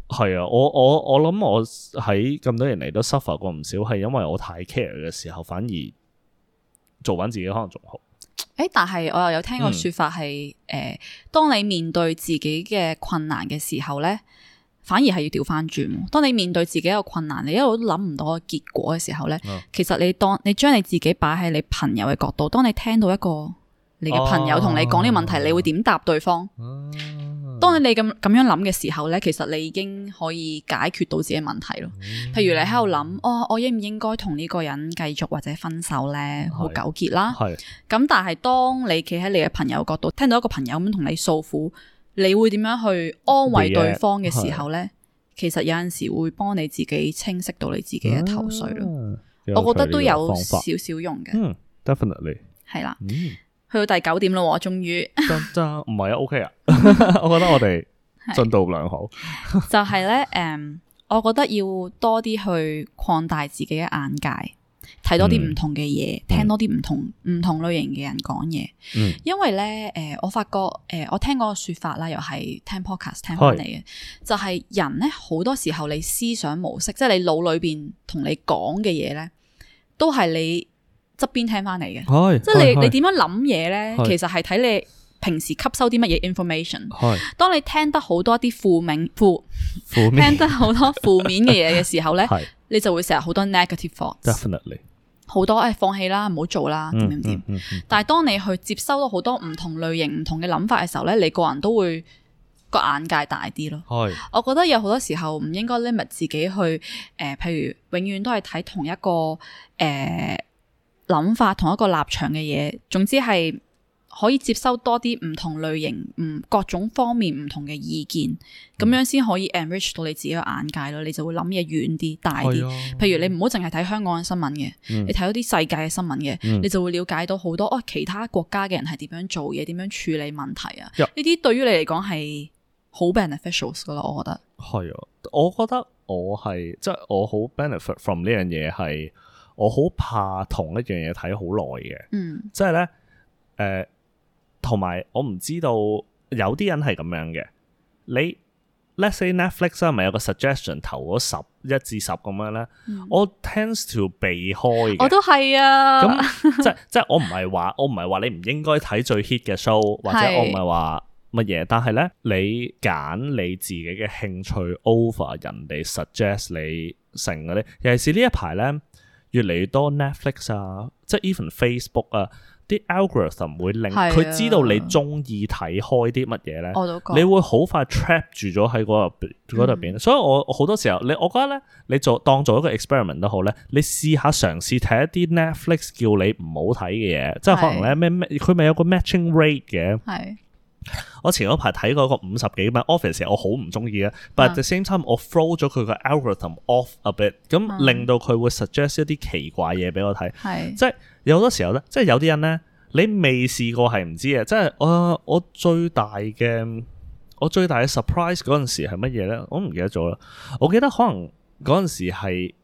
係、嗯、啊，我我我諗我喺咁多年嚟都 suffer 過唔少，係因為我太 care 嘅時候，反而做緊自己可能仲好。誒，但係我又有聽過說法係，誒、嗯、呃，當你面對自己嘅困難嘅時候呢，反而係要調翻轉。當你面對自己一個困難，你一路諗唔到個結果嘅時候呢，哦、其實你當你將你自己擺喺你朋友嘅角度，當你聽到一個你嘅朋友同你講呢個問題，哦、你會點答對方？哦嗯當你咁咁樣諗嘅時候呢，其實你已經可以解決到自己問題咯。譬、嗯、如你喺度諗，嗯、哦，我應唔應該同呢個人繼續或者分手呢？好糾是結啦。係是。咁但係當你企喺你嘅朋友角度，聽到一個朋友咁同你訴苦，你會點樣去安慰對方嘅時候呢？嗯、其實有陣時會幫你自己清晰到你自己嘅頭緒咯。嗯、我覺得都有少少用嘅、嗯。Definitely。係啦。嗯去到第九點咯，終於，唔係啊，O K 啊，我覺得我哋進度良好。 就係、是、咧，誒、嗯，我覺得要多啲去擴大自己嘅眼界，睇多啲唔同嘅嘢，嗯、聽多啲唔同唔、嗯、同類型嘅人講嘢。嗯、因為咧，誒，我發覺，誒、呃，我聽嗰個說法啦，又係聽 podcast 聽翻嚟嘅，是就係人咧，好多時候你思想模式，即、就、係、是、你腦裏邊同你講嘅嘢咧，都係你。側邊聽翻嚟嘅，即係你你點樣諗嘢呢？其實係睇你平時吸收啲乜嘢 information。係，當你聽得好多啲負面負，聽得好多負面嘅嘢嘅時候呢，你就會成日好多 negative thoughts。Definitely 好多唉放棄啦，唔好做啦，點點點。但係當你去接收到好多唔同類型、唔同嘅諗法嘅時候呢，你個人都會個眼界大啲咯。我覺得有好多時候唔應該 limit 自己去誒，譬如永遠都係睇同一個誒。諗法同一個立場嘅嘢，總之係可以接收多啲唔同類型、唔各種方面唔同嘅意見，咁、嗯、樣先可以 enrich 到你自己嘅眼界咯。你就會諗嘢遠啲、大啲。啊、譬如，你唔好淨係睇香港嘅新聞嘅，嗯、你睇到啲世界嘅新聞嘅，嗯、你就會了解到好多哦。其他國家嘅人係點樣做嘢、點樣處理問題啊？呢啲、嗯、對於你嚟講係好 beneficial 噶咯，我覺得係啊。我覺得我係即係我好 benefit from 呢樣嘢係。我好怕同一樣嘢睇好耐嘅，即係咧，誒，同、呃、埋我唔知道有啲人係咁樣嘅。你，let's say Netflix 啊，係咪有個 suggestion 投咗十一至十咁樣咧，嗯、我 tends to 避開。我都係啊，即係即係我唔係話我唔係話你唔應該睇最 hit 嘅 show，或者是我唔係話乜嘢，但係咧，你揀你自己嘅興趣 over 人哋 suggest 你成嗰啲，尤其是一呢一排咧。越嚟越多 Netflix 啊，即係 even Facebook 啊，啲 algorithm 會令佢的知道你中意睇開啲乜嘢咧。我都講，你會好快 trap 住咗喺嗰度邊，所以我好多時候，你我覺得咧，你做當做一個 experiment 都好咧，你試下嘗試睇一啲 Netflix 叫你唔好睇嘅嘢，即係可能咧咩咩，佢咪有個 matching rate 嘅。係。我前嗰排睇過個五十幾蚊 Office，我好唔中意啊。But at the same time，我 flow 咗佢個 algorithm off a bit，咁令到佢會 suggest 一啲奇怪嘢俾我睇。係、嗯，即係有好多時候咧，即係有啲人咧，你未試過係唔知嘅。即係我、呃、我最大嘅我最大嘅 surprise 嗰陣時係乜嘢咧？我唔記得咗啦。我記得可能嗰陣時係。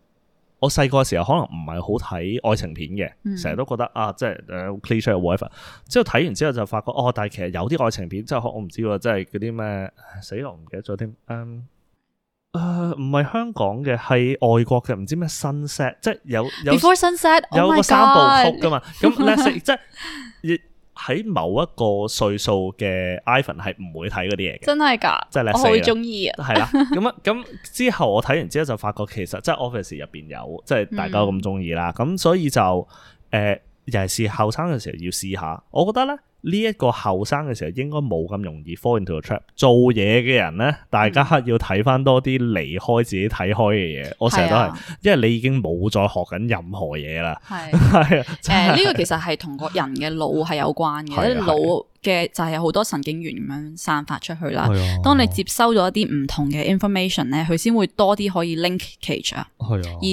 我細個嘅時候可能唔係好睇愛情片嘅，成日都覺得啊，即係誒 cliche 嘅 whatever 之後睇完之後就發覺哦，但、啊、係、啊啊啊啊、其實有啲愛情片之後我唔知喎，即係嗰啲咩死落唔記得咗添。嗯，誒唔係香港嘅，係外國嘅，唔知咩 Sunset 即係有有 Before Sunset 有個三部曲噶嘛。咁 my God 即係喺某一個歲數嘅 Ivan 係唔會睇嗰啲嘢嘅，真係㗎，即我好中意啊。係啦，咁啊，咁之後我睇完之後就發覺其實即係 office 入邊有，即係大家都咁中意啦。咁、嗯、所以就誒、呃，尤其是後生嘅時候要試下，我覺得咧。呢一個後生嘅時候應該冇咁容易 fall into a trap。做嘢嘅人咧，大家刻要睇翻多啲離開自己睇開嘅嘢。嗯、我成日都係，啊、因為你已經冇再學緊任何嘢啦。係是，誒呢 是、呃這個其實係同個人嘅腦係有關嘅，腦、啊。腦 嘅就係好多神經元咁樣散發出去啦。係啊，當你接收咗一啲唔同嘅 information 咧，佢先會多啲可以 linkage 啊。係啊，而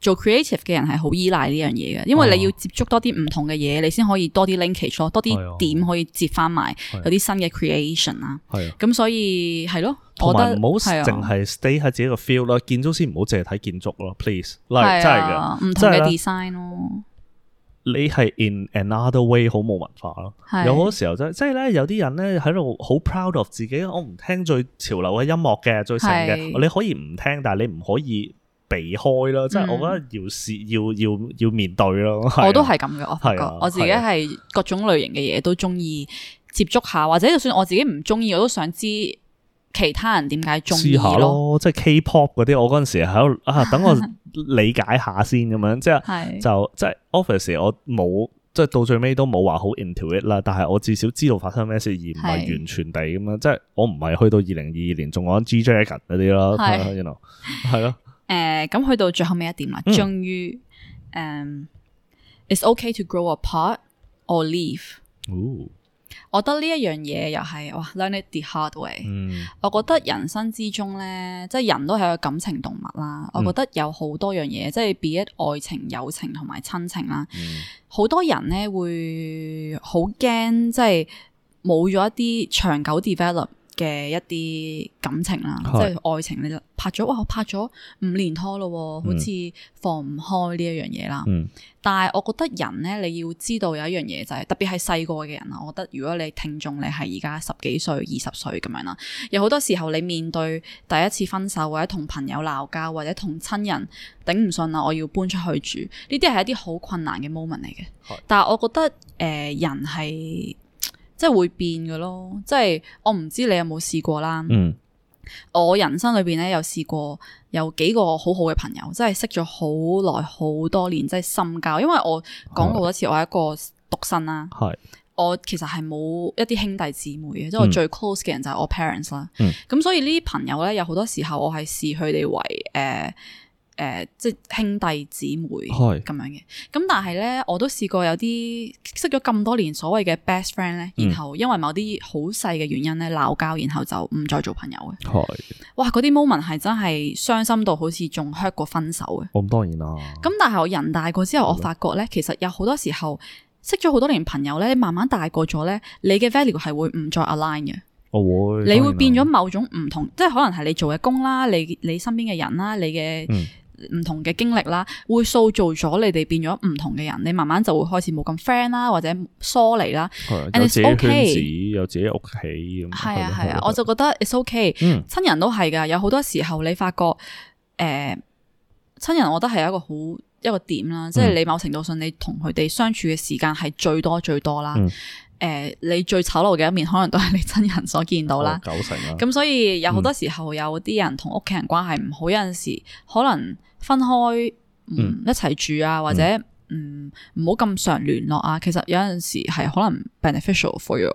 做 creative 嘅人係好依賴呢樣嘢嘅，因為你要接觸多啲唔同嘅嘢，你先可以多啲 linkage 咯，多啲點可以接翻埋有啲新嘅 creation 啊。係咁所以係咯，我覺得同埋唔好淨係 stay 下自己個 field 咯。建築師唔好淨係睇建築咯，please like 真係唔同嘅 design 咯。你係 in another way 好冇文化咯。是有好多時候真係即係咧，有啲人咧喺度好 proud of 自己，我唔聽最潮流嘅音樂嘅，最成嘅。是你可以唔聽，但係你唔可以避開咯，嗯、即係我覺得要試，要要要面對咯、啊。我都係咁嘅，係啊，啊我自己係各種類型嘅嘢都中意接觸下，或者就算我自己唔中意，我都想知。其他人點解中意咯？即係 K-pop 嗰啲，我嗰陣時喺度啊，等我理解下先咁樣，即係就即係 office 我冇，即係到最尾都冇話好 intuitive 啦。但係我至少知道發生咩事，而唔係完全地咁樣。是即係我唔係去到二零二二年仲講 G Dragon 嗰啲咯，you know，係咯。誒，咁去到最後尾一點啦，嗯、終於誒、um，it's okay to grow apart or leave、哦。我覺得呢一樣嘢又係哇，learn it the hard way。嗯、我覺得人生之中咧，即係人都係一個感情動物啦。我覺得有好多樣嘢，嗯、即係 be it 愛情、友情同埋親情啦。好、嗯、多人咧會好驚，即係冇咗一啲長久 develop 嘅一啲感情啦，是即係愛情，你就拍咗哇，我拍咗五年拖咯，好似放唔開呢一樣嘢啦。嗯、但係我覺得人呢，你要知道有一樣嘢就係、是，特別係細個嘅人啊。我覺得如果你聽眾你係而家十幾歲、二十歲咁樣啦，有好多時候你面對第一次分手或者同朋友鬧交或者同親人頂唔順啦，我要搬出去住，呢啲係一啲好困難嘅 moment 嚟嘅。是但係我覺得誒、呃，人係。即係會變嘅咯，即係我唔知你有冇試過啦。嗯，我人生裏邊咧有試過有幾個好好嘅朋友，即係識咗好耐好多年，即係深交。因為我講過好多次，我係一個獨生啦。係，嗯、我其實係冇一啲兄弟姊妹嘅，即係、嗯、我最 close 嘅人就係我 parents 啦。嗯，咁所以呢啲朋友咧，有好多時候我係視佢哋為誒。呃誒、呃，即兄弟姊妹咁是樣嘅，咁但係呢，我都試過有啲識咗咁多年所謂嘅 best friend 呢、嗯。然後因為某啲好細嘅原因呢鬧交，然後就唔再做朋友嘅。是哇，嗰啲 moment 係真係傷心到好似仲 hurt 過分手嘅。我、哦、當然啦。咁但係我人大個之後，我發覺呢，其實有好多時候識咗好多年朋友呢，慢慢大個咗呢，你嘅 value 係會唔再 align 嘅、哦。會。你會變咗某種唔同，即係可能係你做嘅工啦，你你身邊嘅人啦，你嘅。嗯唔同嘅經歷啦，會塑造咗你哋變咗唔同嘅人。你慢慢就會開始冇咁 friend 啦，或者疏離啦。And it's okay，有自己屋企咁。係啊係啊，啊，我就覺得 it's okay 嗯。親人都係噶，有好多時候你發覺，誒、呃、親人我覺得係一個好一個點啦。即係你某程度上，你同佢哋相處嘅時間係最多最多啦。嗯誒、呃，你最醜陋嘅一面，可能都係你親人所見到啦、哦。九成啦！咁所以有好多時候，有啲人同屋企人關係唔好，嗯、有陣時可能分開，嗯，一齊住啊，或者嗯，唔好咁常聯絡啊。其實有陣時係可能 beneficial for you。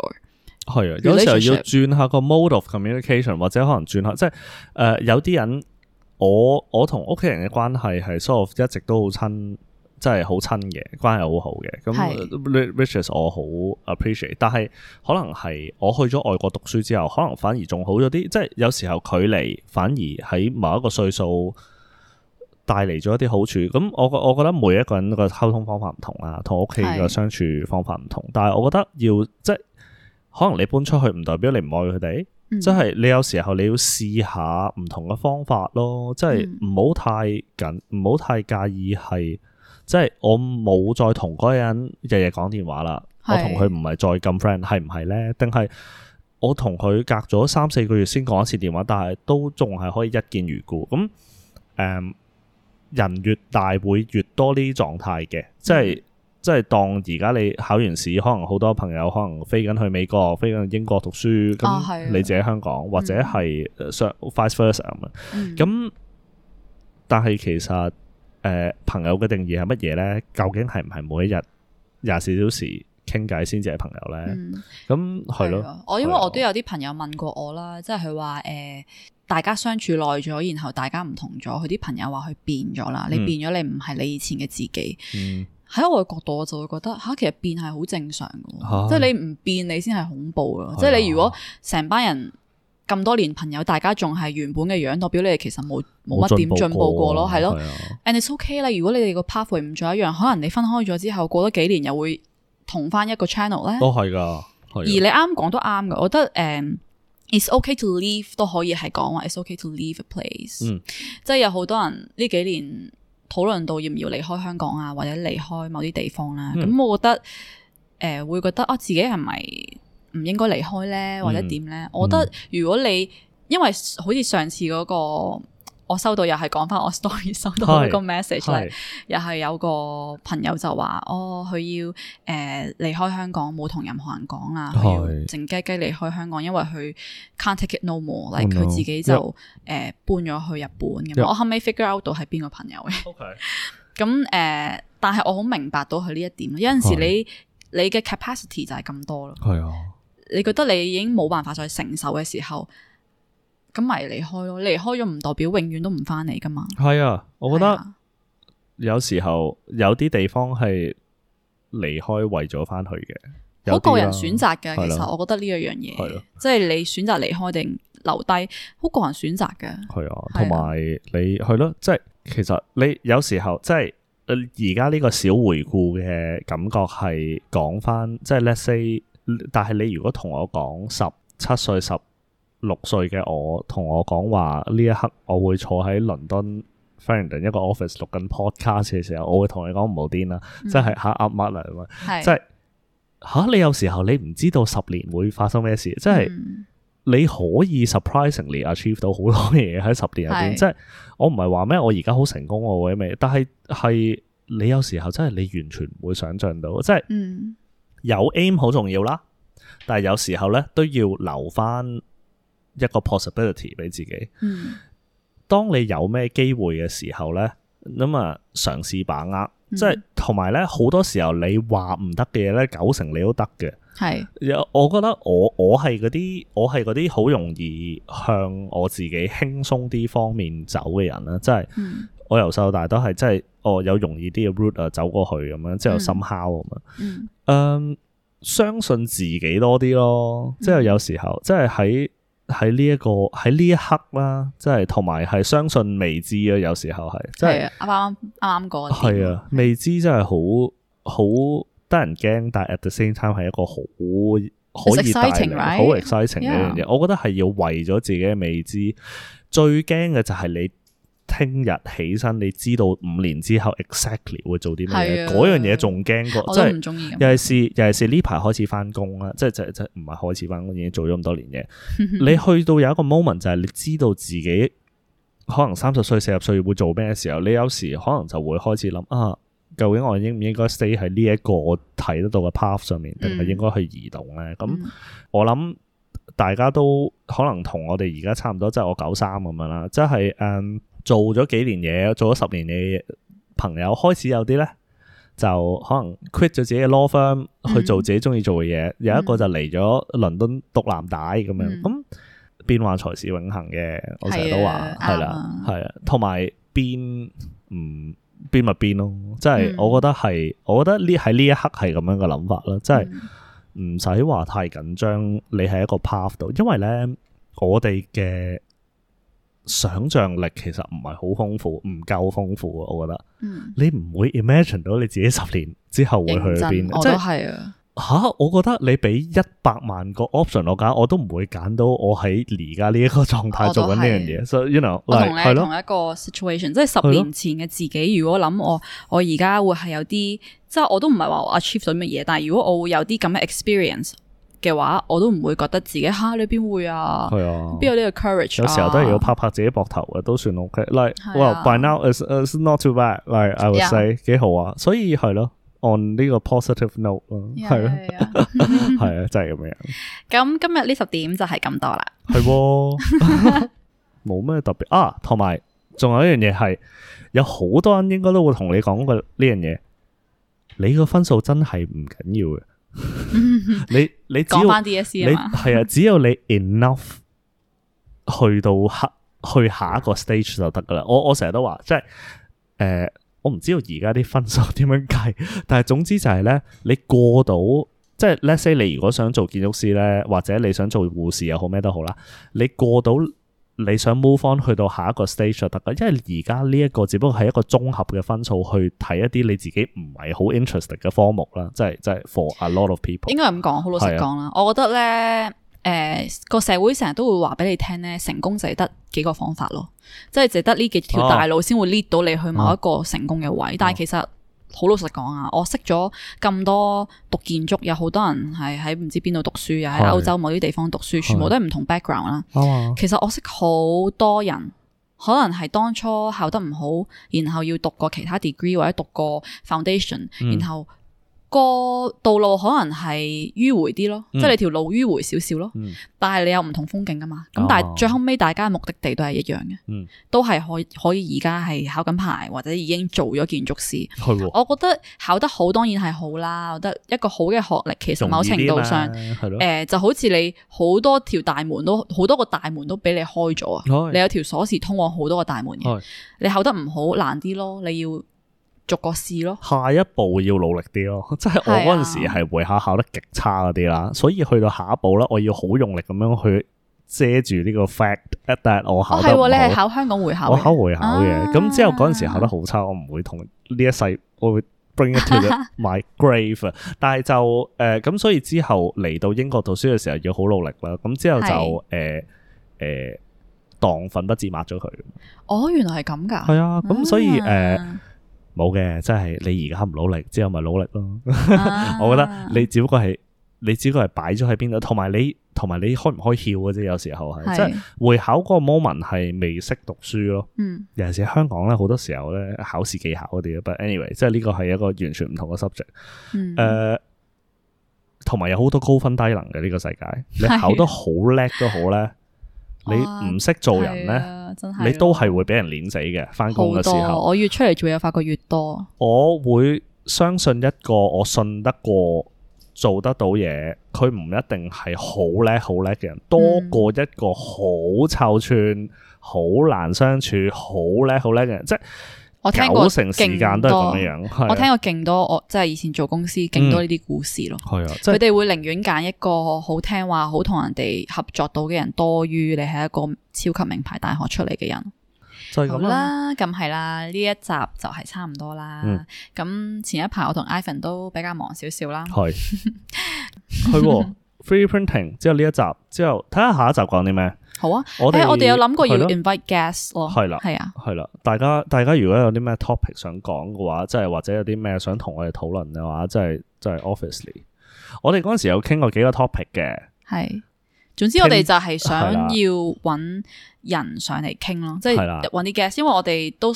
係啊，有時候要轉下個 mode of communication，或者可能轉下即係誒、呃、有啲人，我我同屋企人嘅關係係 sort of，一直都好親。真係好親嘅關係，好好嘅。咁 Riches 是我好 appreciate，但係可能係我去咗外國讀書之後，可能反而仲好咗啲。即、就、係、是、有時候距離反而喺某一個歲數帶嚟咗一啲好處。咁我我我覺得每一個人個溝通方法唔同啊，同屋企個相處方法唔同。是但係我覺得要即係可能你搬出去唔代表你唔愛佢哋，即係、嗯、你有時候你要試下唔同嘅方法咯。即係唔好太緊，唔好太介意係。即係我冇再同嗰人日日講電話啦，是我同佢唔係再咁 friend，係唔係呢？定係我同佢隔咗三四個月先講一次電話，但係都仲係可以一見如故。咁、嗯、人越大會越多呢啲狀態嘅，即係、嗯、即係當而家你考完試，可能好多朋友可能飛緊去美國，飛緊去英國讀書，咁你自己香港、啊、或者係 first 咁但係其實。誒，朋友嘅定義係乜嘢呢？究竟係唔係每一日廿四小時傾偈先至係朋友呢？咁係咯，我因為我都有啲朋友問過我啦，即係佢話誒，吧大家相處耐咗，然後大家唔同咗，佢啲朋友話佢變咗啦，嗯、你變咗，你唔係你以前嘅自己。喺、嗯、我嘅角度，我就會覺得吓，其實變係好正常嘅，即係、啊、你唔變你先係恐怖咯。即係你如果成班人。咁多年朋友，大家仲係原本嘅樣，代表你哋其實冇冇乜點進步過咯，係咯。了的 And it's okay 啦，如果你哋個 pathway 唔再一樣，可能你分開咗之後過多幾年又會同翻一個 channel 咧。都係噶，而你啱講都啱嘅，我覺得誒、uh, it's okay to leave 都可以係講話 it's okay to leave a place、嗯。即係有好多人呢幾年討論到要唔要離開香港啊，或者離開某啲地方啦、啊，咁、嗯嗯、我覺得誒，uh, 會覺得啊，自己係咪？唔應該離開咧，或者點咧？我覺得如果你因為好似上次嗰個，我收到又係講翻我 story 收到個 message 又係有個朋友就話哦，佢要誒離開香港，冇同任何人講啊，佢要靜雞雞離開香港，因為佢 can't take it no more，嚟佢自己就誒搬咗去日本咁樣。我後尾 figure out 到係邊個朋友嘅。OK，咁誒，但係我好明白到佢呢一點。有陣時你你嘅 capacity 就係咁多咯。係啊。你覺得你已經冇辦法再承受嘅時候，咁咪離開咯。離開咗唔代表永遠都唔翻嚟噶嘛。係啊，我覺得有時候有啲地方係離開為咗翻去嘅，好個人選擇嘅。其實我覺得呢一樣嘢，即係你選擇離開定留低，好個人選擇嘅。係啊，同埋你係咯，即係其實你有時候即係而家呢個小回顧嘅感覺係講翻，即係 let's say。但係你如果同我講十七歲十六歲嘅我，同我講話呢一刻我會坐喺倫敦 friend 一個 office 錄緊 podcast 嘅時候，我會同你講，唔好癲啦，嗯、即係吓噏乜嚟啊？即係吓你有時候你唔知道十年會發生咩事，即係、嗯、你可以 surprisingly achieve 到好多嘢喺十年入邊。即係是我唔係話咩，我而家好成功我或者咩，但係係你有時候真係你完全唔會想象到，即、就、係、是。嗯有 aim 好重要啦，但係有時候咧都要留翻一個 possibility 俾自己。嗯，當你有咩機會嘅時候咧，咁啊嘗試把握。嗯、即係同埋咧，好多時候你話唔得嘅嘢咧，九成你都得嘅。係是，我覺得我我係嗰啲我係嗰啲好容易向我自己輕鬆啲方面走嘅人咧，即係。嗯我由細到大都係，即係我有容易啲嘅 route 啊，走過去咁樣，即係心敲啊嘛。嗯，um, 相信自己多啲咯。嗯、即係有時候，即係喺喺呢一個喺呢一刻啦、啊，即係同埋係相信未知啊。有時候係，係啱啱啱啱講。係啊，未知真係好好得人驚，但係 at the same time 係一個好可以大嘅好 exciting，好 exciting 嘅嘢。Yeah. 我覺得係要為咗自己嘅未知，最驚嘅就係你。聽日起身，你知道五年之後 exactly 會做啲乜嘢？嗰的樣嘢仲驚過，即係尤其係，尤其係呢排開始返工啦。即係即即唔係開始返工已經做咗咁多年嘢。 你去到有一個 moment 就係你知道自己可能三十歲、四十歲會做咩嘅時候，你有時可能就會開始諗啊，究竟我應唔應該 stay 喺呢一個我睇得到嘅 path 上面，定係應該去移動咧？咁我諗大家都可能同我哋而家差唔多，即係我九三咁樣啦，即係誒。Um, 做咗幾年嘢，做咗十年嘅朋友，開始有啲咧，就可能 quit 咗自己嘅 law firm 去做自己中意做嘅嘢。嗯、有一個就嚟咗倫敦讀藍帶咁樣。咁變幻才是永恆嘅，我成日都話係啦，係啊的。同埋變唔變咪變咯，即、就、係、是、我覺得係，嗯、我覺得呢喺呢一刻係咁樣嘅諗法啦。即係唔使話太緊張，你喺一個 path 度，因為咧我哋嘅。想象力其實唔係好豐富，唔夠豐富啊！我覺得，嗯、你唔會 imagine 到你自己十年之後會去邊。我都係啊。吓是，我覺得你俾一百萬個 option 我揀，我都唔會揀到我喺而家呢一個狀態做緊呢樣嘢。所以、so,，you know，我同你同一個 situation，的即係十年前嘅自己。如果諗我，的我而家會係有啲，即係我都唔係話我 achieve 咗乜嘢，但係如果我會有啲咁嘅 experience。嘅話，我都唔會覺得自己哈、啊，你邊會啊，邊、啊、有呢個 courage、啊、有時候都係要拍拍自己膊頭啊，都算 ok。Like,、啊、well, by now it's it's not too bad. Like I would say，Yeah. 幾好啊。所以係咯、啊、，on 呢個 positive note yeah, 啊，係咯，係啊，就係、是、咁樣。咁 今日呢十點就係咁多啦。係，冇咩特別啊。同埋，仲、啊、有，有一樣嘢係，有好多人應該都會同你講過呢樣嘢。你個分數真係唔緊要嘅。 你你講翻 d s, 說回 s 你，啊嘛你，係 啊，只有你 enough 去到下去，到去到下一個 stage 就得噶啦。我我成日都話即係誒，我唔、呃、知道而家啲分數點樣計，但係總之就係咧，你過到即係 Let's say 你如果想做建築師咧，或者你想做護士又好咩都好啦，你過到。你想 move on 去到下一個 stage 就得㗎，因為而家呢一個只不過係一個綜合嘅分數去睇一啲你自己唔係好 interesting 嘅科目啦，即係即係 for a lot of people 應該咁講，好老實講啦。是的 我覺得咧，誒、呃、個社會成日都會話俾你聽咧，成功就係得幾個方法咯，即係就係得呢幾條大路先會 lead 到、啊、你去某一個成功嘅位，啊、但係其實。好老實講啊，我識咗咁多讀建築，有好多人係喺唔知邊度讀書，又喺歐洲某啲地方讀書，全部都係唔同 background 啦。Right. 其實我識好多人，可能係當初考得唔好，然後要讀過其他 degree 或者讀過 foundation，然後。個道路可能係迂回啲咯，嗯、即係你條路迂回少少咯，嗯、但係你有唔同風景噶嘛。咁、哦、但係最後尾大家嘅目的地都係一樣嘅，嗯、都係可可以而家係考緊牌或者已經做咗建築師。的我覺得考得好當然係好啦。我覺得一個好嘅學歷，其實某程度上，誒、呃、就好似你好多條大門都好多個大門都俾你開咗啊。的你有條鎖匙通往好多個大門，你考得唔好難啲咯，你要。逐個試咯，下一步要努力啲咯，即係我嗰陣時係會考考得極差嗰啲啦，啊、所以去到下一步啦，我要好用力咁樣去遮住呢個 fact、哦。但係我考得唔好，啊、你係考香港會考，我考會考嘅。咁、啊、之後嗰陣時考得好差，我唔會同呢一世我會 bring it to my grave 但。但係就誒，咁所以之後嚟到英國讀書嘅時候要好努力啦。咁之後就誒誒是、呃，當粉筆字抹咗佢。哦，原來係咁噶，係啊，咁所以誒。 嗯冇嘅，即係你而家唔努力，之後咪努力咯。 我覺得你只不過係你只不過係擺咗喺邊度，同埋你同埋你開唔開竅嘅啫。有時候係是即係會考嗰個 moment 係未識讀書咯。嗯、尤其是香港咧，好多時候咧考試技巧嗰啲，但係 anyway，即係呢個係一個完全唔同嘅 subject。誒、嗯，同埋、呃、有好多高分低能嘅呢，這個世界，你考得好叻都好咧。是 你唔識做人呢，啊啊、你都係會俾人碾死嘅。翻工嘅時候，我越出嚟做嘢，發覺越多。我會相信一個我信得過、做得到嘢，佢唔一定係好叻好叻嘅人，多過一個好臭串、好難相處、好叻好叻嘅人。嗯、即係。我聽過，時間都係咁樣。我聽過勁多，多，多，我即係以前做公司，勁多呢啲故事咯。係啊、嗯，佢哋會寧願揀一個好聽話、好同人哋合作到嘅人，多於你係一個超級名牌大學出嚟嘅人。就係咁啦，咁係啦，呢一集就係差唔多啦。咁、嗯、前一排我同 Ivan 都比較忙少少啦。係，佢 Free Printing 之後呢一集之後，睇下下一集講啲咩。好啊，我哋們、欸、我哋有諗過要 invite guests 咯，係啦了，係啊，係啦，大家大家如果有啲咩 topic 想講嘅話，即係或者有啲咩想同我哋討論嘅話，即係即係 obviously，我哋嗰陣時有傾過幾個 topic 嘅，係，總之我哋就係想要揾人上嚟傾咯，了即係揾啲 guests，因為我哋都。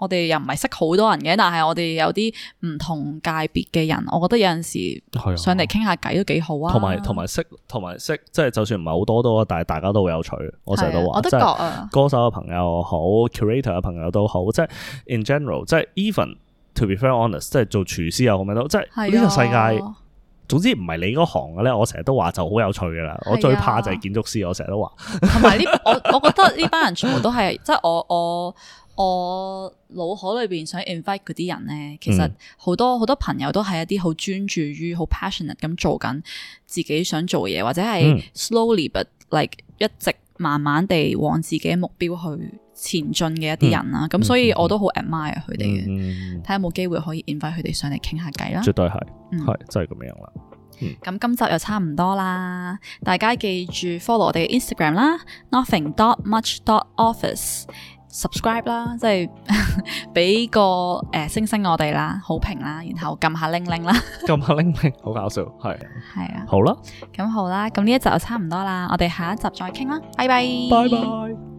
我哋又唔係識好多人嘅，但係我哋有啲唔同界別嘅人，我覺得有陣時上嚟傾下偈都幾好啊。同埋同埋識，同埋識，即係就算唔係好多都啊，但係大家都好有趣。我成日都話，啊、我即係歌手嘅朋友好、嗯、curator 嘅朋友都好，即係 in general，即係 even to be fair honest，即係做廚師啊咁樣都，即係呢個世界，啊、總之唔係你嗰行嘅咧，我成日都話就好有趣噶啦。啊、我最怕就係建築師，我成日都話。同埋呢， 我我覺得呢班人全部都係即係我我。我我我我我腦海裏邊想 invite 嗰啲人呢，其實好多好、嗯、多朋友都係一啲好專注於好 passionate 咁做緊自己想做嘢，或者係 slowly、嗯、but like 一直慢慢地往自己目標去前進嘅一啲人啦。咁、嗯、所以我都好 admire 佢哋嘅，睇下、嗯、有冇機會可以 invite 佢哋上嚟傾下偈啦。絕對係，係真係咁樣啦。咁、嗯、今集又差唔多啦，大家記住 follow 我哋嘅 Instagram 啦，nothing dot much dot office。Subscribe 啦，即係俾 個誒、呃、星星我哋啦，好評啦，然後撳下鈴鈴啦，撳下鈴鈴好搞笑，係係啊，的好啦，咁好啦，咁呢一集就差唔多啦，我哋下一集再傾啦，拜拜，拜拜。